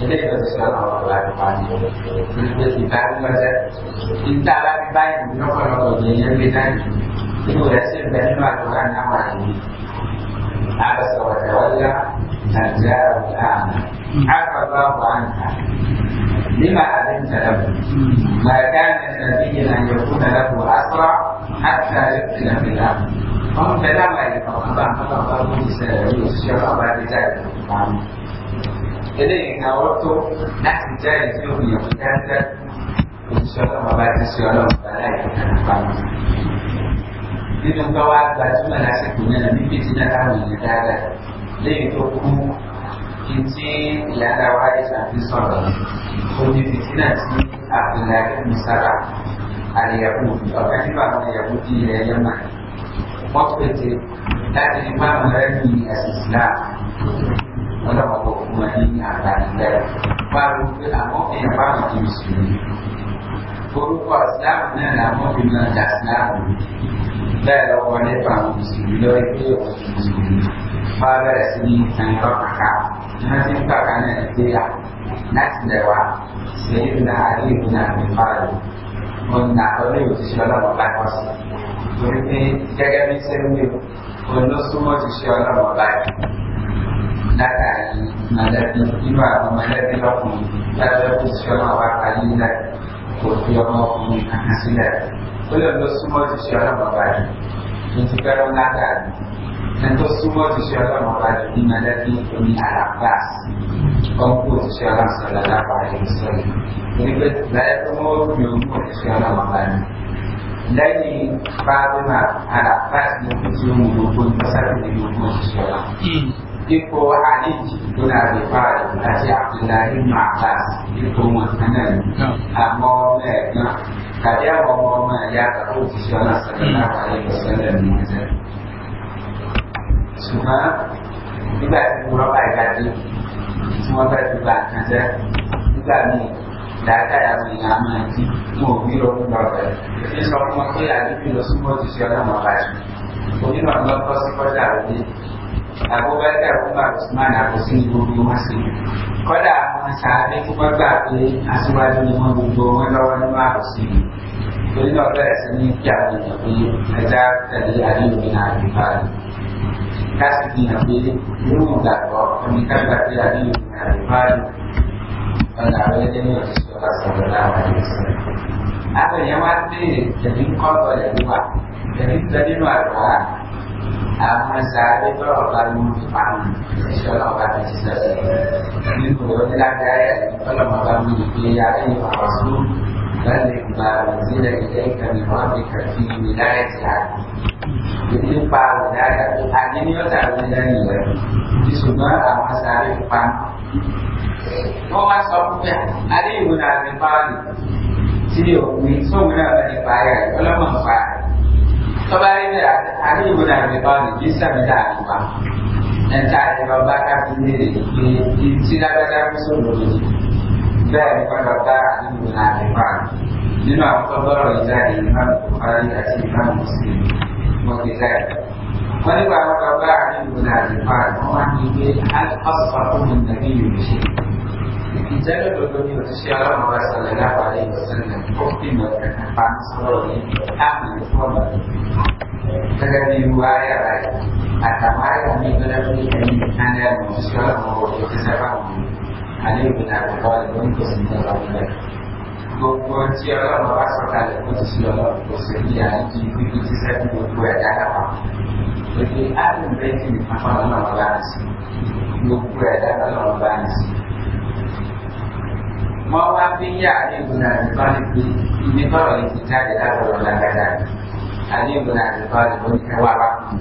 ìlà ẹlẹ́yìn ọ̀sẹ̀ sọ́nà ọkọ̀ láti pamọ́ itu tí bá ń lọ́sẹ̀ níta bá ti báyìí lọ́pọ̀lọpọ̀ jẹ́ yẹn ini náà jù nígbà rẹ̀ sì bẹ̀ nínú àdúrà náà wà ní àbẹ̀sọ̀wọ̀tẹ̀wọ́lá nàìjíríà ọ̀gá àná àkọ́gbà wà ń ta لما أذنت له ما كان لنبي أن يكون له أسرع حتى في الأمر. هم كلام لا يتوقع فقط الشراء بعد ذلك إليه نورته نحن جاي فيهم نحن إن شاء الله بعد الشراء فلا يتوقع nínú gbọ́wọ́ àgbà tí wọ́n lásìkò náà من fìtínà táwọn èèyàn ìtí ìlànà wa ìṣàfi sọ̀rọ̀ ojú fìtínà tí àbúlá ń sára àlèyàwó ọ̀gá nínú àwọn ìyàwó bí ilẹ̀ yẹmà wọ́n pète láti fi máa mọ̀ rẹ́bí ẹ̀sìsìlá ọlọ́wọ́ kò fún wọn ní àǹfààní bẹ́ẹ̀ máa rò pé àwọn èèyàn bá wọn di mùsùlùmí orúkọ ìsìláàmù náà làwọn fi máa dà síláàmù bẹ́ẹ̀ lọ́wọ́ nípa àwọn mùsùlùmí lọ́wọ́ pé òun ti mùsùlùmí bá bẹ̀rẹ̀ sí ní ìtànìkọ́ kàkà iná tí ń kàkà nàìjíríà láti lẹ̀wá sẹ́yìn náà àdéhùn náà ní báyìí mo nà ọlé òṣìṣẹ́ ọlọ́wọ́ láìpọ̀ sí torí pé gẹ́gẹ́ bí sẹ́yìn olóṣùmọ̀ òṣìṣẹ́ ọlọ́wọ́ báyìí látàrí mọ̀lẹ́bí nínú àwọn mọ̀lẹ́bí lọ́kùnrin lábẹ́ òṣìṣẹ́ ọlọ́wọ́ àkàlí ilẹ̀ kò fi ọmọ ọkùnrin kàkà sílẹ̀ ó lè lọ súnmọ́ òṣìṣẹ́ ọlọ́wọ́ báyìí tó ti fẹ́ràn látàrí القوة الشيطان الرجيم التي من العباس قوة الشيطان صلى الله عليه وسلم يقول لا يكون يوم الشيطان الرجيم lẹ́yìn fáwọn àlàfáàsì ní kò tí ó mú gbogbo ìgbésàkì ní gbogbo ìṣọ́ra ipò àlejì tó láàrin fáwọn àti abdullahi mahalas ipò wọn kan náà ni àmọ́ ọmọ ẹ̀gbọ́n tàbí àwọn ọmọ ọmọ ẹ̀yà semua tidak semurah kayak tadi semua terbuka saja tidak nih tidak ada yang mengalami lagi mau biru berapa jadi kalau mau lagi biru semua dijualnya makasih mungkin orang pasti percaya Abu Bakar Umar Utsman Abu Sini gbogbo wọn sí i kọ́dà àwọn sàádé tó bá gbà pé aṣíwájú ni wọ́n gbogbo wọn lọ́wọ́ yang Abu Sini torí náà bẹ̀rẹ̀ sí ní tapi àwọn èèyàn pé ẹja tẹ̀lé كسبه فيه يوم ذكر فمن كسبت يده من الرمال فلعل جميع الرسول صلى الله عليه وسلم هذا اليوم جميل قبل الجوع جميل تدين القرآن àwọn sáré tọrọ bá ní wọn fi pamọ́ ìṣẹ́ ọlọ́ọ̀bá ti ti sọ́sẹ̀ nínú ìrọ̀lẹ́ láti ayé ẹ̀yìn tọ́lọ́mọba mi ìgbé ayé ìwà ọ̀sùn بلغ ما أنزل إليك من ربك في ولاية العبد nípa òdáyà àdíníọ́tà òdáyà nìyẹn ti ṣùgbọ́n àwọn sáré pa wọ́n wá sọ fún mi adé ìwò náà ti pa ọ́ nì tí òpin sóògùn náà bá ti pa ayà rẹ̀ ọlọ́mọ̀ ń pa tọ́ba rí bẹ́ẹ̀ adé ìwò náà ti pa ọ́ nì bí sàmì dan perkataan munafik. Lima khabar dari Imam Bukhari dan Imam Muslim. Mukizat. Mereka perkataan munafik. Orang ini al-asfatu min Nabi Yusuf. Dijaga berbunyi Rasulullah Muhammad Sallallahu Alaihi Wasallam bukti mereka panas oleh ahli khabar. Terjadi riwayat lain. Atau mereka ini benar-benar anda Rasulullah Muhammad Sallallahu Alaihi Wasallam علي بن ابي طالب وينقذ من الرحمن gbogbo tí ọlọ́run wá sọ̀kalẹ̀ ó ti sí ọlọ́run kò sí ní àìjí gbígbí tí sẹ́kù gbogbo ẹ̀dá di òde áàrùn méjì nìkan ọlọ́run bá ń sí gbogbo ẹ̀dá ọlọ́run bá ń sí. wọ́n wá fi yá àdébùn àdìbálẹ̀ pé ibi bọ́ọ̀lù ti jáde látọ̀rọ̀ lágbàdá àdébùn àdìbálẹ̀ ó ní kẹwàá wá kù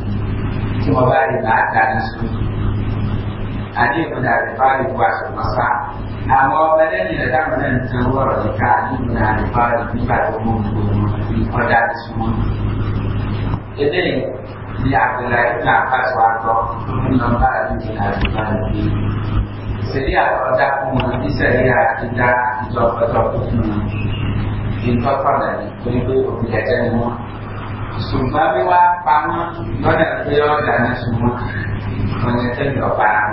tí wọ́n Aji pada depan di kuasa masa. Nama pada ni datang pada semua logika ini pada depan di kuasa umum di pada semua. Jadi dia adalah nafas suatu menambah di dalam depan di. Jadi ada ada umum di sehingga tidak dicoba coba semua. Intuk pada ini untuk belajar semua. Sumpah bila panah, kau dah belajar dan semua mengajar jawaban.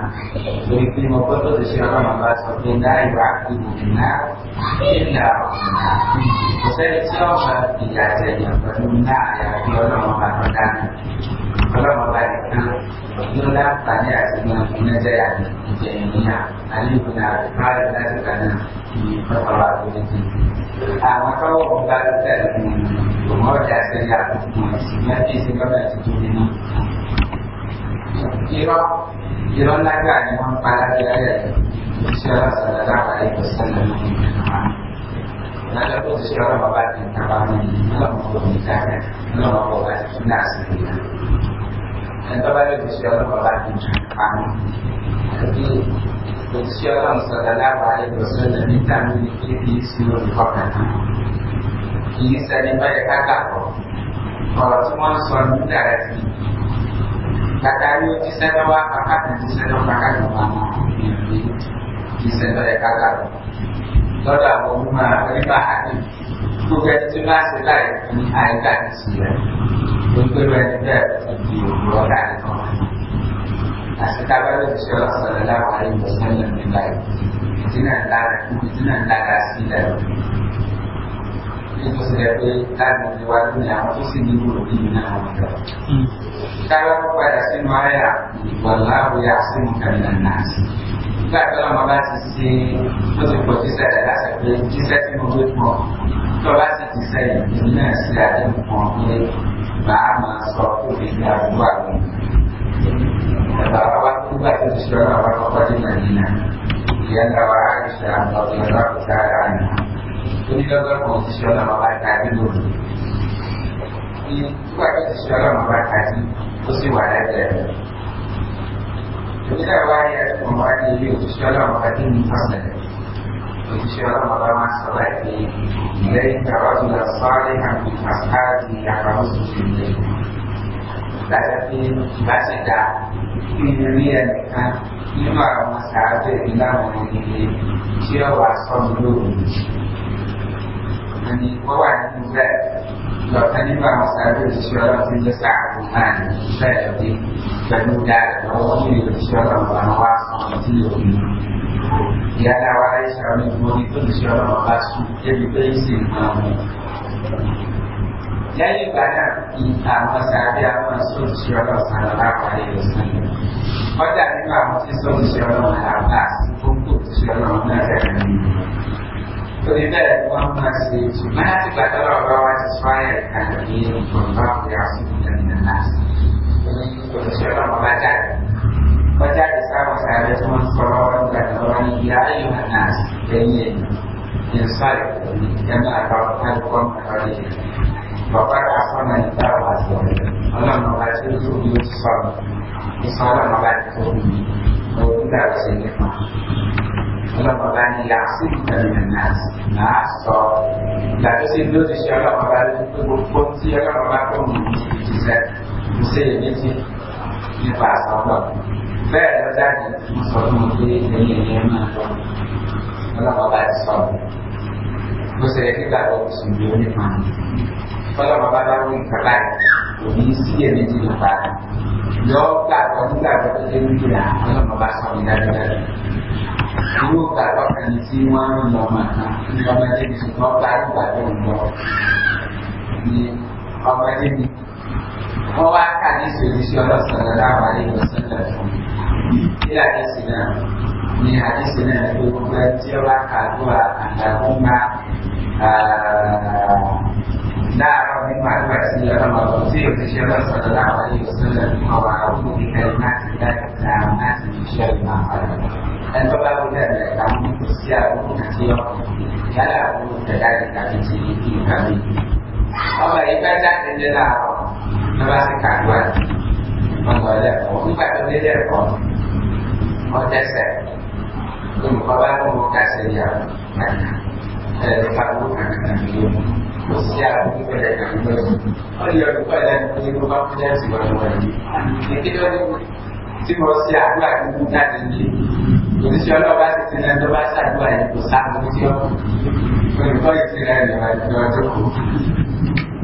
Begitu lima puluh di sini membahas berpindah waktu berpindah, pindah berpindah. Saya coba tiga saja berpindah ya kalau membangun kalau membangun Yunda tanya dengan pengajaran jadinya Ali benar tidak nasi karena pertolak itu. Ah maka membangun dari rumah dasar yang masih masih sekarang itu kira kira na ga ne man fara da ya shara sallallahu alaihi wasallam na da ko shara ba ba din ta ba ne na mu ko ni ta ne na mu ko ba na su ne dan ta ba da shara ba ba din ta ba ne ko shara sallallahu alaihi wasallam ni ta ne ke bi su ne ko ka ta ki ni sai ba ya ka ka ko ko tuma son da ra ti látàrí ó ti sẹ́dọ̀ wá pàkàtà ti sẹ́dọ̀ pàkàtà wà ti sẹ́dọ̀ ẹ̀ kàkà lọ. lọ́dọ̀ àwọn onímọ̀ àgbẹ̀bà àdé gbogbo ẹni tí bá ṣe láì fún àìgbà ti sí rẹ̀ gbogbo ẹni bẹ́ẹ̀ ti òkú ọ̀gá nìkan. àṣekábẹ́rẹ́ ti ṣe ọ̀sán lọ́wọ́ àyè ìwòsàn dipersedari dan menjualnya untuk di lebih Kalau kepada Sinwaya, wallahu yasin kabinan nasi. Tidak dalam apa sisi untuk kisah adalah sebagai kisah sembuhmu. Kalau si kisah ini sudah ada mengkonflik bahwa suatu tidak buat. Bahwa waktu itu sudah apa-apa di Madinah. Yang rawa Aisyah, Allah Taala Meninggalkan posisi dalam makan tadi Itu ada posisi dalam makan tadi, posisi wadah tadi. Ketika wadah pemakan ini, posisi dalam makan ini pasal. Posisi dalam makan masalah ini, dari yang dimasalah di akan muslim tetapi masih tak pilihan kan lima masalah itu kita memiliki siapa sebelum يعني قواعد مزايا لو تنبع مسألة الشراء في يسعى المال الشراء دي فنو دعا لو أمي الشراء وأنواع صنعتية يانا وعي شرمي بوني كل شراء وقاسو يبي بيسي المامي lẹ́yìn ìgbà náà àwọn sàbí àwọn ìṣòro ti ọlọ́ sàlọ́lá wàlẹ̀ ìlọsàn ọjà nínú àwọn tí sọ́ọ̀tì ṣe ọlọ́run àbá àti tó ń kò ti ṣe ọlọ́run náà rẹ̀ nínú So in one likes to be like, oh, well, I just fired kind of meaning from the oxygen and the mass. But the shirt on my this one for all of that, the other human mass, they need inside, and I got kind of one already. But I got some and that was one. I don't know, do use some. It's not my back to me. Oh, that was رمضان العصر من الناس الناس صار لا تسيبوا تشيء رمضان تقول شيء رمضان كم تسيب مسيب يجي يبقى صعب bẹ́ẹ̀ lọ jáde wọ́n sọ fún mi pé ẹ̀yin ẹ̀yẹ máa lọ ọlọ́mọ bá ti sọ bó ṣe yẹ kíkà lọ sùn bí ó nípa ọlọ́mọ bá bá wí nǹkan báyìí kò ní sí ẹ̀mí ti nípa rẹ̀ lọ́ọ́ gbàgbọ́ nígbàgbọ́ tó dé nígbà ọlọ́mọ bá sọ mi àwọn ògbàgbọ́ kan tí wọ́n ń lọ màkà ní ọmọdé mi ṣùgbọ́n bá gbàgbọ́ lọ ní ọmọdé mi. Wọ́n wá kà ní ìṣòro sí ọlọ́sàn-án láwọn àlejò sọ́dọ̀ fún mi. Bí àdéhùn náà. มีอาทิี่เสนอคือผมเชื่อว่าการที่วราอันดับที่มาได้เราไม่มาด้วยสิ่งเราเชื่อที่เชื่อว่าสัตว์เราได้ยินเสนอที่มาว่าผูณที่เคยมาที่ได้ทำมาที่เชื่อในมากแต่ตัวเราเองเนี่ยทำมีเชื่อผู้ที่เชื่อแค่เราผูี่ได้การที่จะที่ทำเพราะไปแค่จะเป็นเราไม่ว่าสิ่งการด้วมันก็จะผมไปตรงนี้จะผมมันจะเสร็จ nhưng mà có ba con một cả sẽ giàu mạnh và cũng hẳn là nhiều một xa cũng phải đại cảm ơn bây giờ cũng phải là những con con trên sự vận động thì cái đó tí mo ṣe àdúrà gbogbo jáde yìí oníṣẹ́ ọlọ́ọ̀bá ti ti lẹ́nu tó bá ṣàdúrà yìí kò sáà mú tí ó olùkọ́ ìtìlẹ̀ rẹ̀ rẹ̀ lọ́jọ́ kù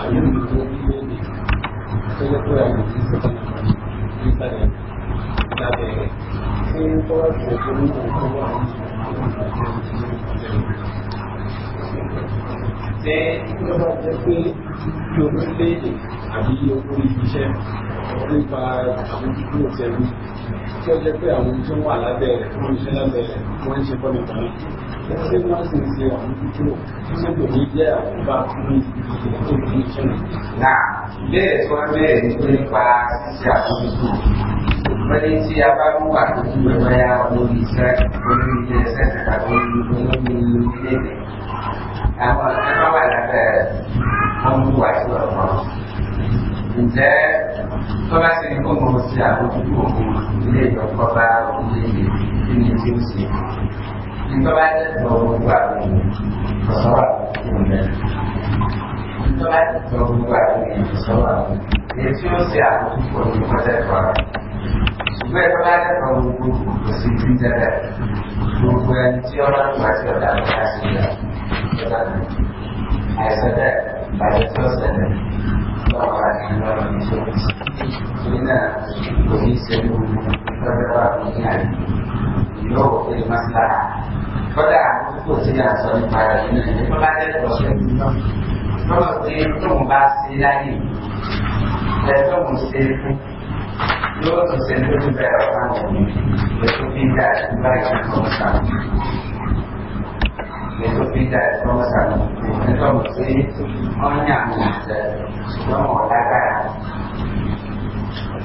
àbí owó ibiṣẹ́ nípa àbójútó òṣèlú tí ó jẹ́ pé àwọn tó wà lábẹ́ rẹ̀ wọ́n ń lábẹ́ rẹ̀ wọ́n ń ṣe bọ́ọ̀lù ṣé wọ́n sì ń ṣe àwọn ìdúró ṣé kò ní jẹ́ àkóbá fún ìdíje tó ń ṣe. nà bẹ́ẹ̀ tó wá bẹ́ẹ̀ ni pé nípa ṣíṣe àbójútó wọ́n tí a bá mú àtúntò ẹ̀rọ ya olórí iṣẹ́ olórí ilé iṣẹ́ tàbí olórí ilé ìgbẹ́ àwọn ẹ̀ka wà lábẹ́ ọmọ àti ọ̀pọ̀ ǹjẹ́ tó bá ṣe ní kó mọ̀ sí àbójútó òkú ilé ìjọba orílẹ̀-èdè kí ni tí ó ṣe Introverted berubah dunia, pesawat dunia. Introverted berubah dunia, pesawat. Itu siapa pun perlu berjaya. Juga introverted berubah bersimpin jaga. orang, siapa masih ada hasilnya. I said that by the person bahwa dalam insurance ini sebenarnya kondisi yang berbeda dengan loro del masalah. Padahal itu sedang soal pada ini, pengajar proses itu. Kalau itu membahas lagi, dan itu mesti Luego se encuentra trabajando de su pinta de varias cosas. De su pinta de cosas. Entonces, mañana se tomó la cara.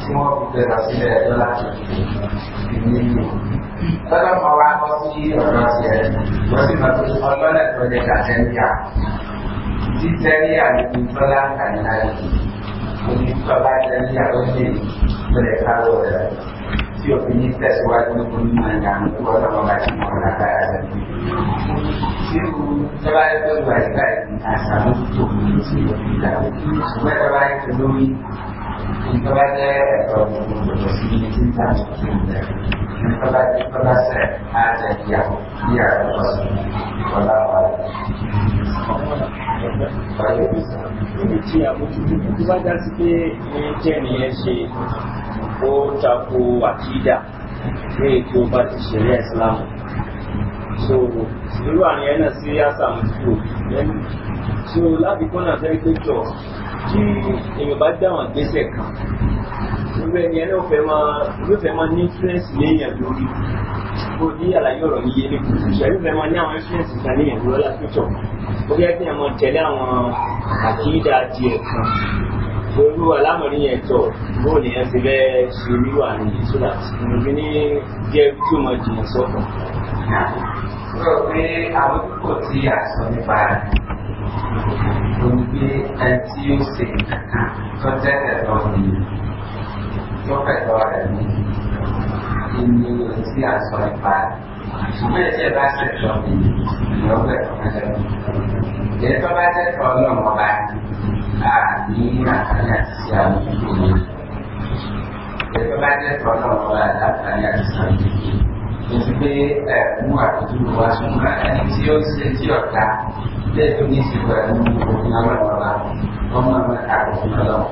Semua kita rasa dalam ini dalam awal posisi informasi masing-masing amanat merdeka jariah di jariah diperlahan lagi dibukakan jariah rutin mereka si Sio penyintas wajib menggunakan asal Sio terbaik terbaik baik asal untuk Nicolás haja yao ya kuwasu wallahu alam níbi tí àbójútó tó bá já sí pé ní eh, jẹ́ni ẹ ṣe ó tako àkídà eh, ní ètò bá so irú àrùn ẹ̀ náà sí so láti kọ́nà fẹ́ pé jọ kí èèyàn bá dáwọn gbèsè kan irú ẹni ẹ náà fẹ́ máa yóò fẹ́ máa ní influence léèyàn lórí bó ní àlàyé ọ̀rọ̀ yíyé ní kùtùkùtù yóò fẹ́ máa ní àwọn influence kan léèyàn lórí lápẹ́tọ̀ ó yẹ kí ẹ máa tẹ̀lé àwọn àkídà díẹ̀ kan olú alámọ̀rí yẹn tọ̀ bó ni ẹ ti bẹ́ ṣe wíwà ní ìṣúra ìròyìn ní jẹ́ tí ó máa jìnà sọ́kàn. Sọ pé àwọn púpọ̀ tí a sọ nípa rẹ̀ ló ń gbé ẹni tí ó ṣe nǹkan tó tẹ́lẹ̀ lọ́wọ́ nìyẹn lọ́pẹ̀tọ́ rẹ̀ ní inú tí a sọ ipa rẹ̀. ṣùgbọ́n ẹ̀jẹ̀ bá ṣẹ̀tọ̀ ní ìlọ́pẹ̀tọ́ mẹ́jọ. ìyẹn tó bá ṣẹ̀tọ̀ ọlọ́run ọba àní àtàlẹ́ àti àwọn ìlú mi. ìyẹn tó bá ṣẹ̀tọ̀ ọlọ́run ọba àtàlẹ́ àti àwọn ìlú mi. Èsì pé ẹ̀ mú àpèjúwe wá ṣùgbọ́n ẹni tí ó ṣe tí ọ̀tá lè tó ní ìsìnkú ẹ̀ ń mú òfin ọlọ́run ọba ọmọ ọmọ àkọsílẹ̀ ọlọ́run.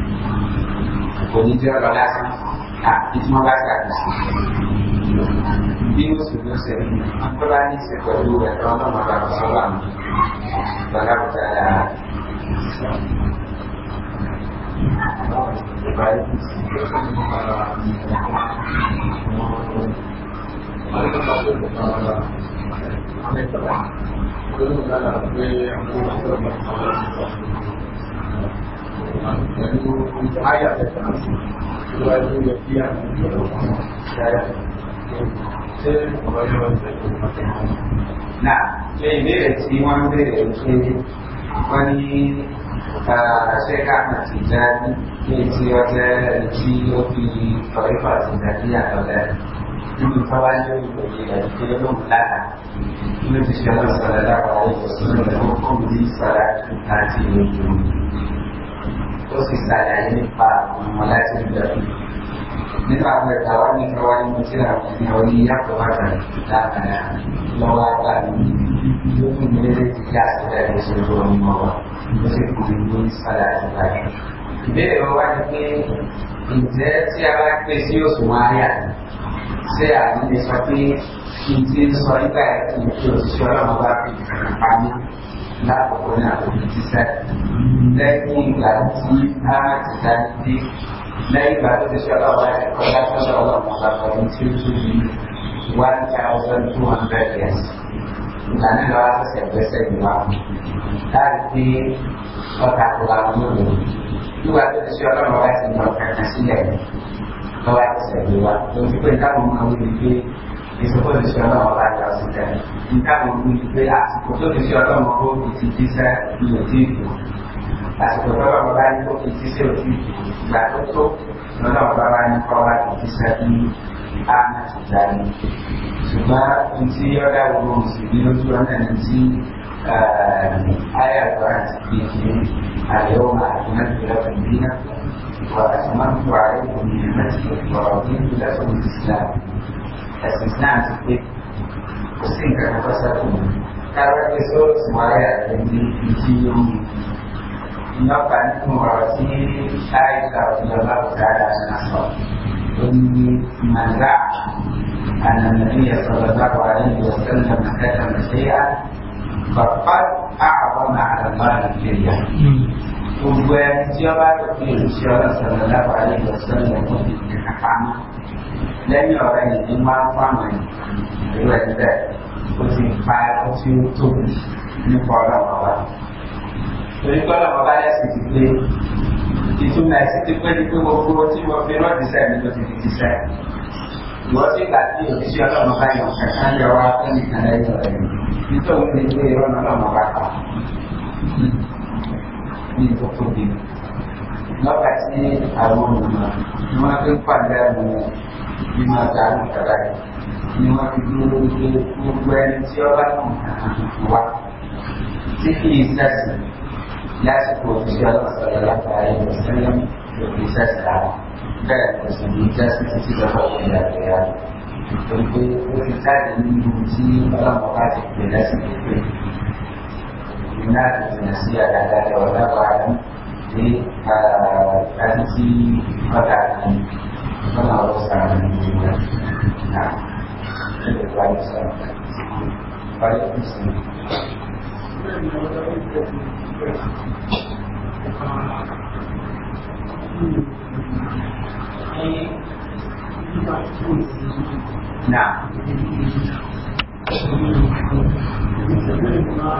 Bolivia balas ah itu balas ya, Dimos sudah sering berani sekali ya kalau mata persoalan bahkan saya baik Thank you. نه بینه ایمان به کنی چه قهمتی جن و بی کاری فرزندگی نداده این توجه این بگیر از که مطلق هم این مطلق هم این مطلق هم این مطلق هم این مطلق هم terus ini Pak Malaysia juga ini telah berkawan ini kawan yang kecil Nawawiya kepada kita ada lawatan itu menjadi tiga dari seluruh Mawa meskipun ini salah juga ini orang ini Ǹjẹ́ tí a bá pè sí òṣùwọ̀n ayà ṣé àmì lè sọ lákòókò ní àkókò títẹ́ lẹ́yìn ìgbà tí a ti dá dé lẹ́yìn ìgbà tó ti ṣe ọlọ́wọ́ láti kọ́ látọ́jọ́ ọlọ́wọ́ àpapọ̀ ní tí ó tún ní one thousand two hundred years ìgbà náà lọ́wọ́ àṣẹṣẹ ìgbésẹ̀ ìwà láti pé ọ̀tà kò bá wọn lónìí nígbà tó ti ṣe ọlọ́wọ́ láti ní ọ̀kẹ́kẹ́ sílẹ̀ lọ́wọ́ àṣẹṣẹ ìwà lójú pé táwọn ọmọ wí ni pé disebut di sekolah orang Yahuda. Kita mengikuti asiko itu di sekolah mau dicuci saya dicuci. Asiko itu orang itu dicuci saya dicuci. Tidak itu orang orang sekolah dicuci saya anak ada urus di luar ayat orang dicuci. Ayo, mari kita berdina. Wa asmantu alaikum bi ni'mati wa raditu lakum al-Islam esensinya sedikit pusing karena satu karena itu semuanya yang diuji menyebabkan mengawasi saya juga menjaga keadaan nasab demi menangkap anak Nabi yang sallallahu alaihi wasallam mengatakan saya Bapak awam alaman dia. Tujuan siapa tujuan siapa sallallahu alaihi wasallam untuk dikatakan lẹ́yìn ọ̀rẹ́ yìí ní wá fáwọn èèyàn ìlú ẹ̀ bẹ́ẹ̀ ó ti pa ó ti ń tóbi nípa ọlọ́run ọba. torí pé ọlọ́run ọba lẹ́sìn ti pé ìtumọ̀ ẹ̀sìn ti pé ní pé gbogbo tí mo fi rọ́ọ̀dì sẹ́ẹ̀ ni mo ti fi ti ìwọ́n sì gbà tí òbí sí ọlọ́run yàn kẹta ń yọ wá fún mi kan lẹ́yìn ọ̀rẹ́ yìí nítorí ní pé irọ́ ni ọlọ́run ọba kà ní ìtòkòbí lọ́kà tí àwọn olùmọ̀ ni dimakan kadang nyuma itu convencional kuat civilisasi ya seperti Allah Sallallahu Alaihi Wasallam berbisa sekarang dan bersenjata sisi bahwa tidak untuk kita dimensi dalam waktu beda karena Kita dimensi ada ada orang lain di tradisi makanan ถ้าเราแซงจริงๆนะนะคือไว้แซงไว้ที่สิ่งนะ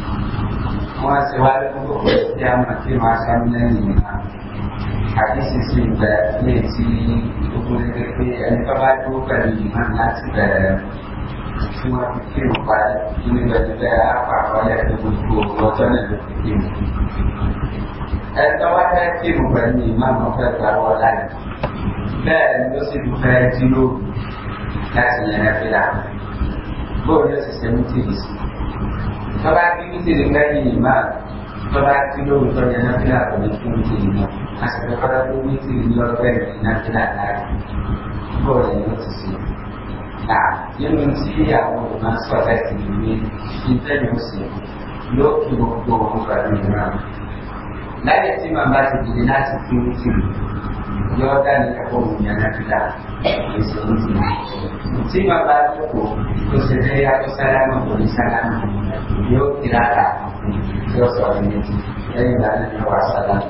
wọ́n ṣe wá lẹ́kùn tó kọ̀ sí àmà kí máa ṣáájú lẹ́yìn nìkan àdísì sí ìgbà ilé tí gbogbo lẹ́gbẹ́ pé ẹni bá bá dúró pẹ̀lú ìmọ̀ láti bẹ̀rẹ̀ tí wọ́n ti kí n pa nígbà tó bẹ́ẹ̀ apá àkọọ́lẹ̀ tó gbogbo ọjọ́ náà ló fi kí n. ẹ̀tọ́ wá fẹ́ kí n pẹ̀lú ìmọ̀ àwọn fẹ́ gbà wọ́n láì bẹ́ẹ̀ ni ó sì tún fẹ́ dúró láti yẹn fílà bóòlù ó sì ṣe mú tìbí tọ́ba tí wítìrì lẹ́yìn ìmá tọ́ba tí lóòótọ́ yẹn náà fílà kò ní fún wítìrì náà àṣìkò tọ́ba tó wítìrì lọ́gbẹ́ náà fílà láti bọ́ọ̀lù yóò ti ṣe. Nà nínú tí àwọn olùmọ̀ sọ̀rọ̀ ẹ̀sìn ìwé ìtẹ́lẹ̀ òsì lókè gbogbo òun pẹ̀lú ìmọ̀ ndani ya timu ambazo binafsi kimtimu Jordan itakuwa mnyanyapita isinzi timu ambazo kusebei yako salama kuni salama yo kiraka yo salimiti yani ndani ya wasalama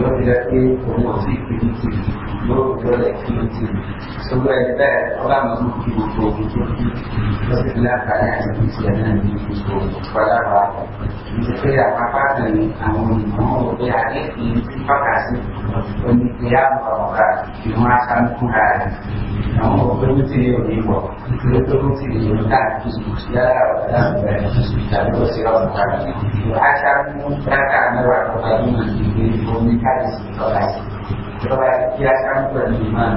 yo kiraki kuni kwa ni timu local activity semua kita orang memiliki buku buku mesti belakang yang sekian di buku pada apa apa dan angin mau berhari terima kasih penelitian orang dimakan Tuhan kamu berhenti di ibu berhenti di kita sudah dan sudah bersiap akan berangkat lewat kota ini di komunikasi sekolah Coba kiaskan beriman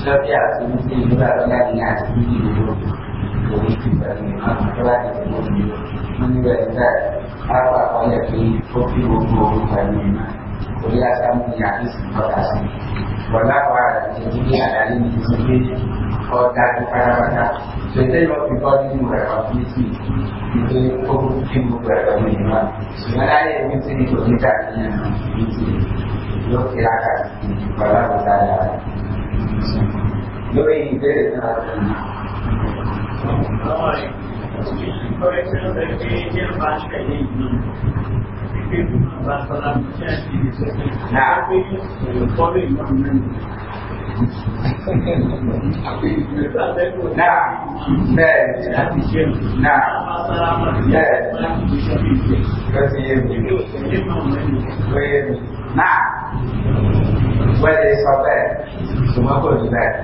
Setiap mesti berlakunya dengan tinggi dulu Jadi kita beriman Coba disebut dulu Menjelaskan apa kondisi Kopi buku beriman Kuliasan menyakis berkasih Walaupun jadi ada ini di sini Kalau dari kata-kata Jadi waktu kau di murah kondisi Itu kopi buku beriman Sebenarnya mesti dibutuhkan Mesti yóò ti ra kà sí ìpàdé àwọn dáadáa rẹ̀. lórí ìbéèrè náà ti. àwọn ìkọ́rẹ́ tí ó bẹ̀rẹ̀ pé ní ọba ṣẹ̀lẹ̀ ìlú pípé fún ọba sọlá tó ṣe àti ìṣẹ̀lẹ̀ náà pé yóò sọ̀rọ̀ fọ́lọ́ ìlú náà. Náà bẹ́ẹ̀ láti ṣe náà bẹ́ẹ̀ lọ́sí yé mi lóye mi náà wẹ́ẹ̀dẹ̀ sọ bẹ́ẹ̀ ṣùgbọ́n kò rí bẹ́ẹ̀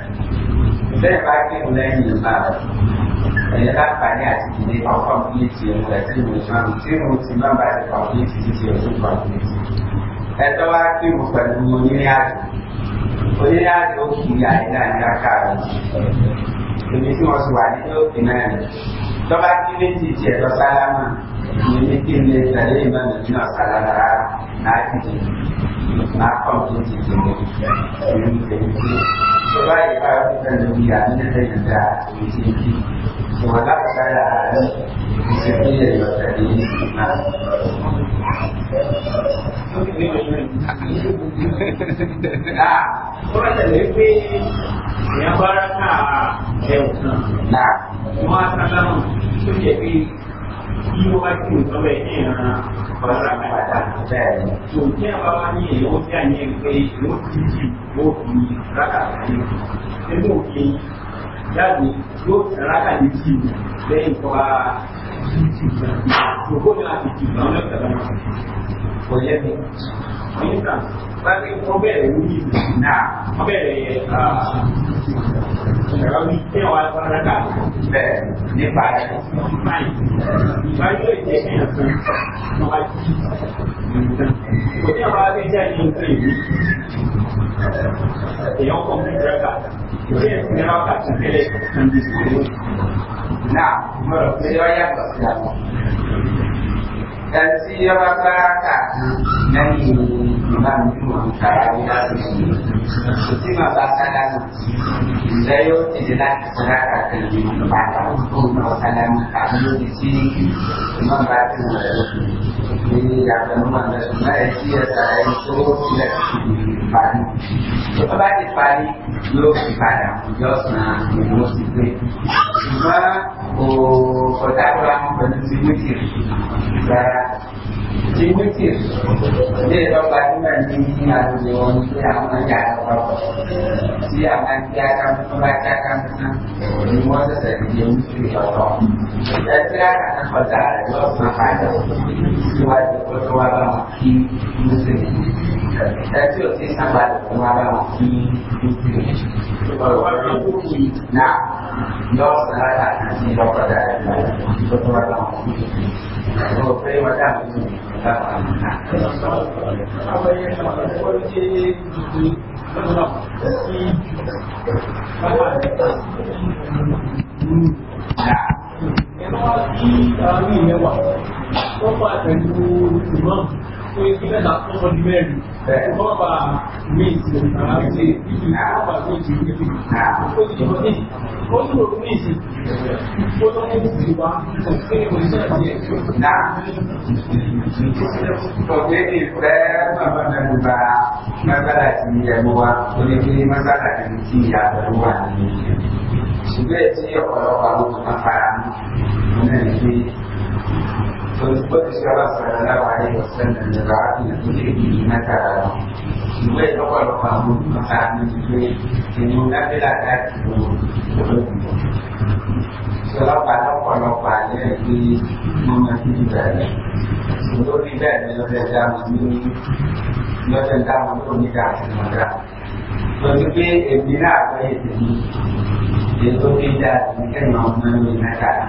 bẹ́ẹ̀ bá kí n lẹ́yìn ìgbà ẹ̀yẹ láǹfààní àti ìdílé kan kọ́mpìlìtì òun rẹ̀ tí mo máa tí mo ti máa bá ti kọ́mpìlìtì títí òun kọ́mpìlìtì ẹ̀tọ́ wá kí mo pẹ̀lú onírìn àjò onírìn àjò ó kì í àyè náà ní akáàrọ̀ èmi tí wọ́n ti wà nínú òkè náà ni tọ́ba kí méjì tiẹ̀ lọ sálámà mimikiri ne tare ma da juna salara na kiji na kwamfin jiki ne yin fahimci so ba yi ba yi kan da wuya ni da zai yanda yi jiki so wala ka kara a ran musulmi da yi wata da yi su na na kuma da nufi ya baraka a yau na kuma sanamu suke fi 有爱心，老百姓啊，好来买菜。对，有钱老百姓有你可以有机器，有地，咱家有，有目的。jáde yóò rákà ní tì mí lẹ́yìn tó bá gbogbo ní láti tì lọ́nà ìtàn náà kò yẹ mi. wọ́n yí sàn sáré wọ́n bẹ̀rẹ̀ wúni náà wọ́n bẹ̀rẹ̀ ẹ̀rọ ní tí wọ́n á rákà bẹ̀rẹ̀ nípa rẹ̀ báyìí ìbáyọ̀ ìjẹ́ ẹ̀yàn fún wọn wá jí kò ní àwọn abẹ́jáde nǹkan ìlú. يوم مدركة يخير في ركعة تنفيذ من ديسكريم نعم مرة في pas ya ba baraka nan ne imam Juma ta yi da On ne. Su ma ba salama. Da yau ti da na ta sadaka ta yi ba ta ko ba on va ya on la parí tó tó bá ti parí yóò fi padà àwùjọ san ìlú sí pé ṣùgbọ́n ọ̀dà àgbà pẹ̀lú ti wíkì rárá. Gmax is there are environment in our zone, they are not yet proper. They are not yet right at the more the same to be at all. That's why I have a diet of my father. So I put to our key Muslim. That's your sister, but to our key Muslim. So what do you need now? Lost the right hand, you know, for that. So for our key. So pray what happened to me. 哎，那什么？他们也什么？我接不知道，嗯，哎，你话 pé kí lẹ́tà tó sọ ní mẹ́rin kó má bàa mí ìsìn àrà ṣe ìlú àbá tó ti rí ìlú ó ti jọ ní ó ti rò ní ìsìn ó tó ní ìsìn wa kò sí ní oníṣẹ́ ìṣẹ́ ìṣẹ́. Òkè ìfẹ́ bàbá mẹ́rin bá mẹ́fẹ́lá ti ẹ̀mú wa ó ní kí mẹ́fẹ́lá ti ti ìyá pẹ̀lú wa ní ṣùgbọ́n ètí ọ̀pọ̀lọpọ̀ àwọn ọmọ fara mọ́ وتثبت شرع صلى الله عليه وسلم لبعض المشرك مثلا ìwé ìtọ́kọ̀ lọ́kọ̀ àwọn olùkọ́ta ní ìgbé ìlú lábẹ́lá láti lò lóògùn. ìṣọlọ́pàá lọ́pọ̀lọpọ̀ àlẹ́ ìgbé mọ́ máa fi bẹ̀rẹ̀. olórí bẹ́ẹ̀ tidak lọ́fẹ́ untuk ní lọ́fẹ́ dáhùn tó ní dáhùn mọ́ra. tidak pé èmi náà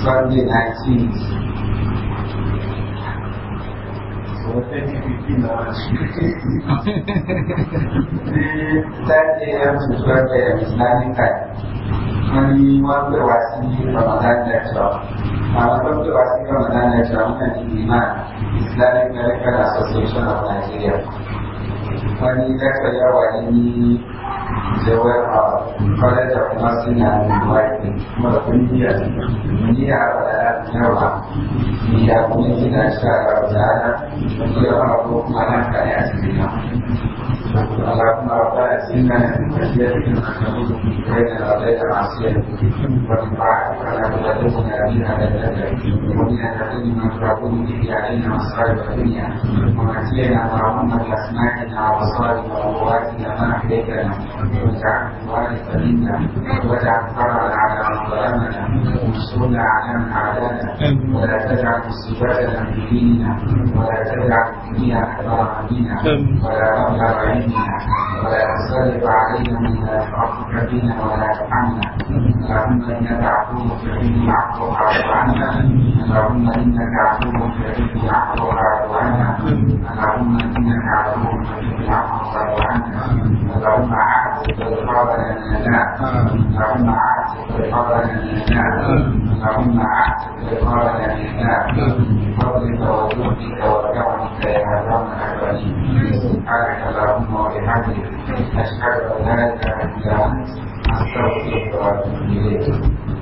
Sunday vaccines. sensitivity large. that Islamic of Nigeria आणि sai wai a kwanar da kuma suna yin waƙi kuma da kungiya kungiya a ɗaya yawa ya kuma gina shi a ɗaya kungiya a ko kuma nan ka ne a cikin nan Allah kuma ba ya suna yin kwanciyar da kuma kanu kai da labai da masu yin wani ba a kwanar da ta suna yin a ɗaya da wani na da kudi na tura kudi da ya yi na masu rai da duniya kuma ce na ma'amman da suna yin na wasu rai da wani wani da mana kai da nan وجعلنا على مظلمنا وانصرنا على من عادانا ولا تجعل مصيبتنا في ديننا ولا تجعل الدنيا اكبر همنا ولا مبلغ علمنا ولا تسلط علينا من لا يرحمك بنا ولا ترحمنا اللهم انك عفو كريم عفو فاعف عنا اللهم انك عفو كريم عفو فاعف عنا اللهم انك عفو كريم عفو فاعف عنا اللهم عفو عاتق رقابنا من النار اللهم عاتق رقابنا من النار اللهم عاتق رقابنا من النار بفضلك وجودك وكرمك يا اكرم الاكرمين سبحانك اللهم وبحمدك اشهد ان لا اله الا انت استغفرك واتوب اليك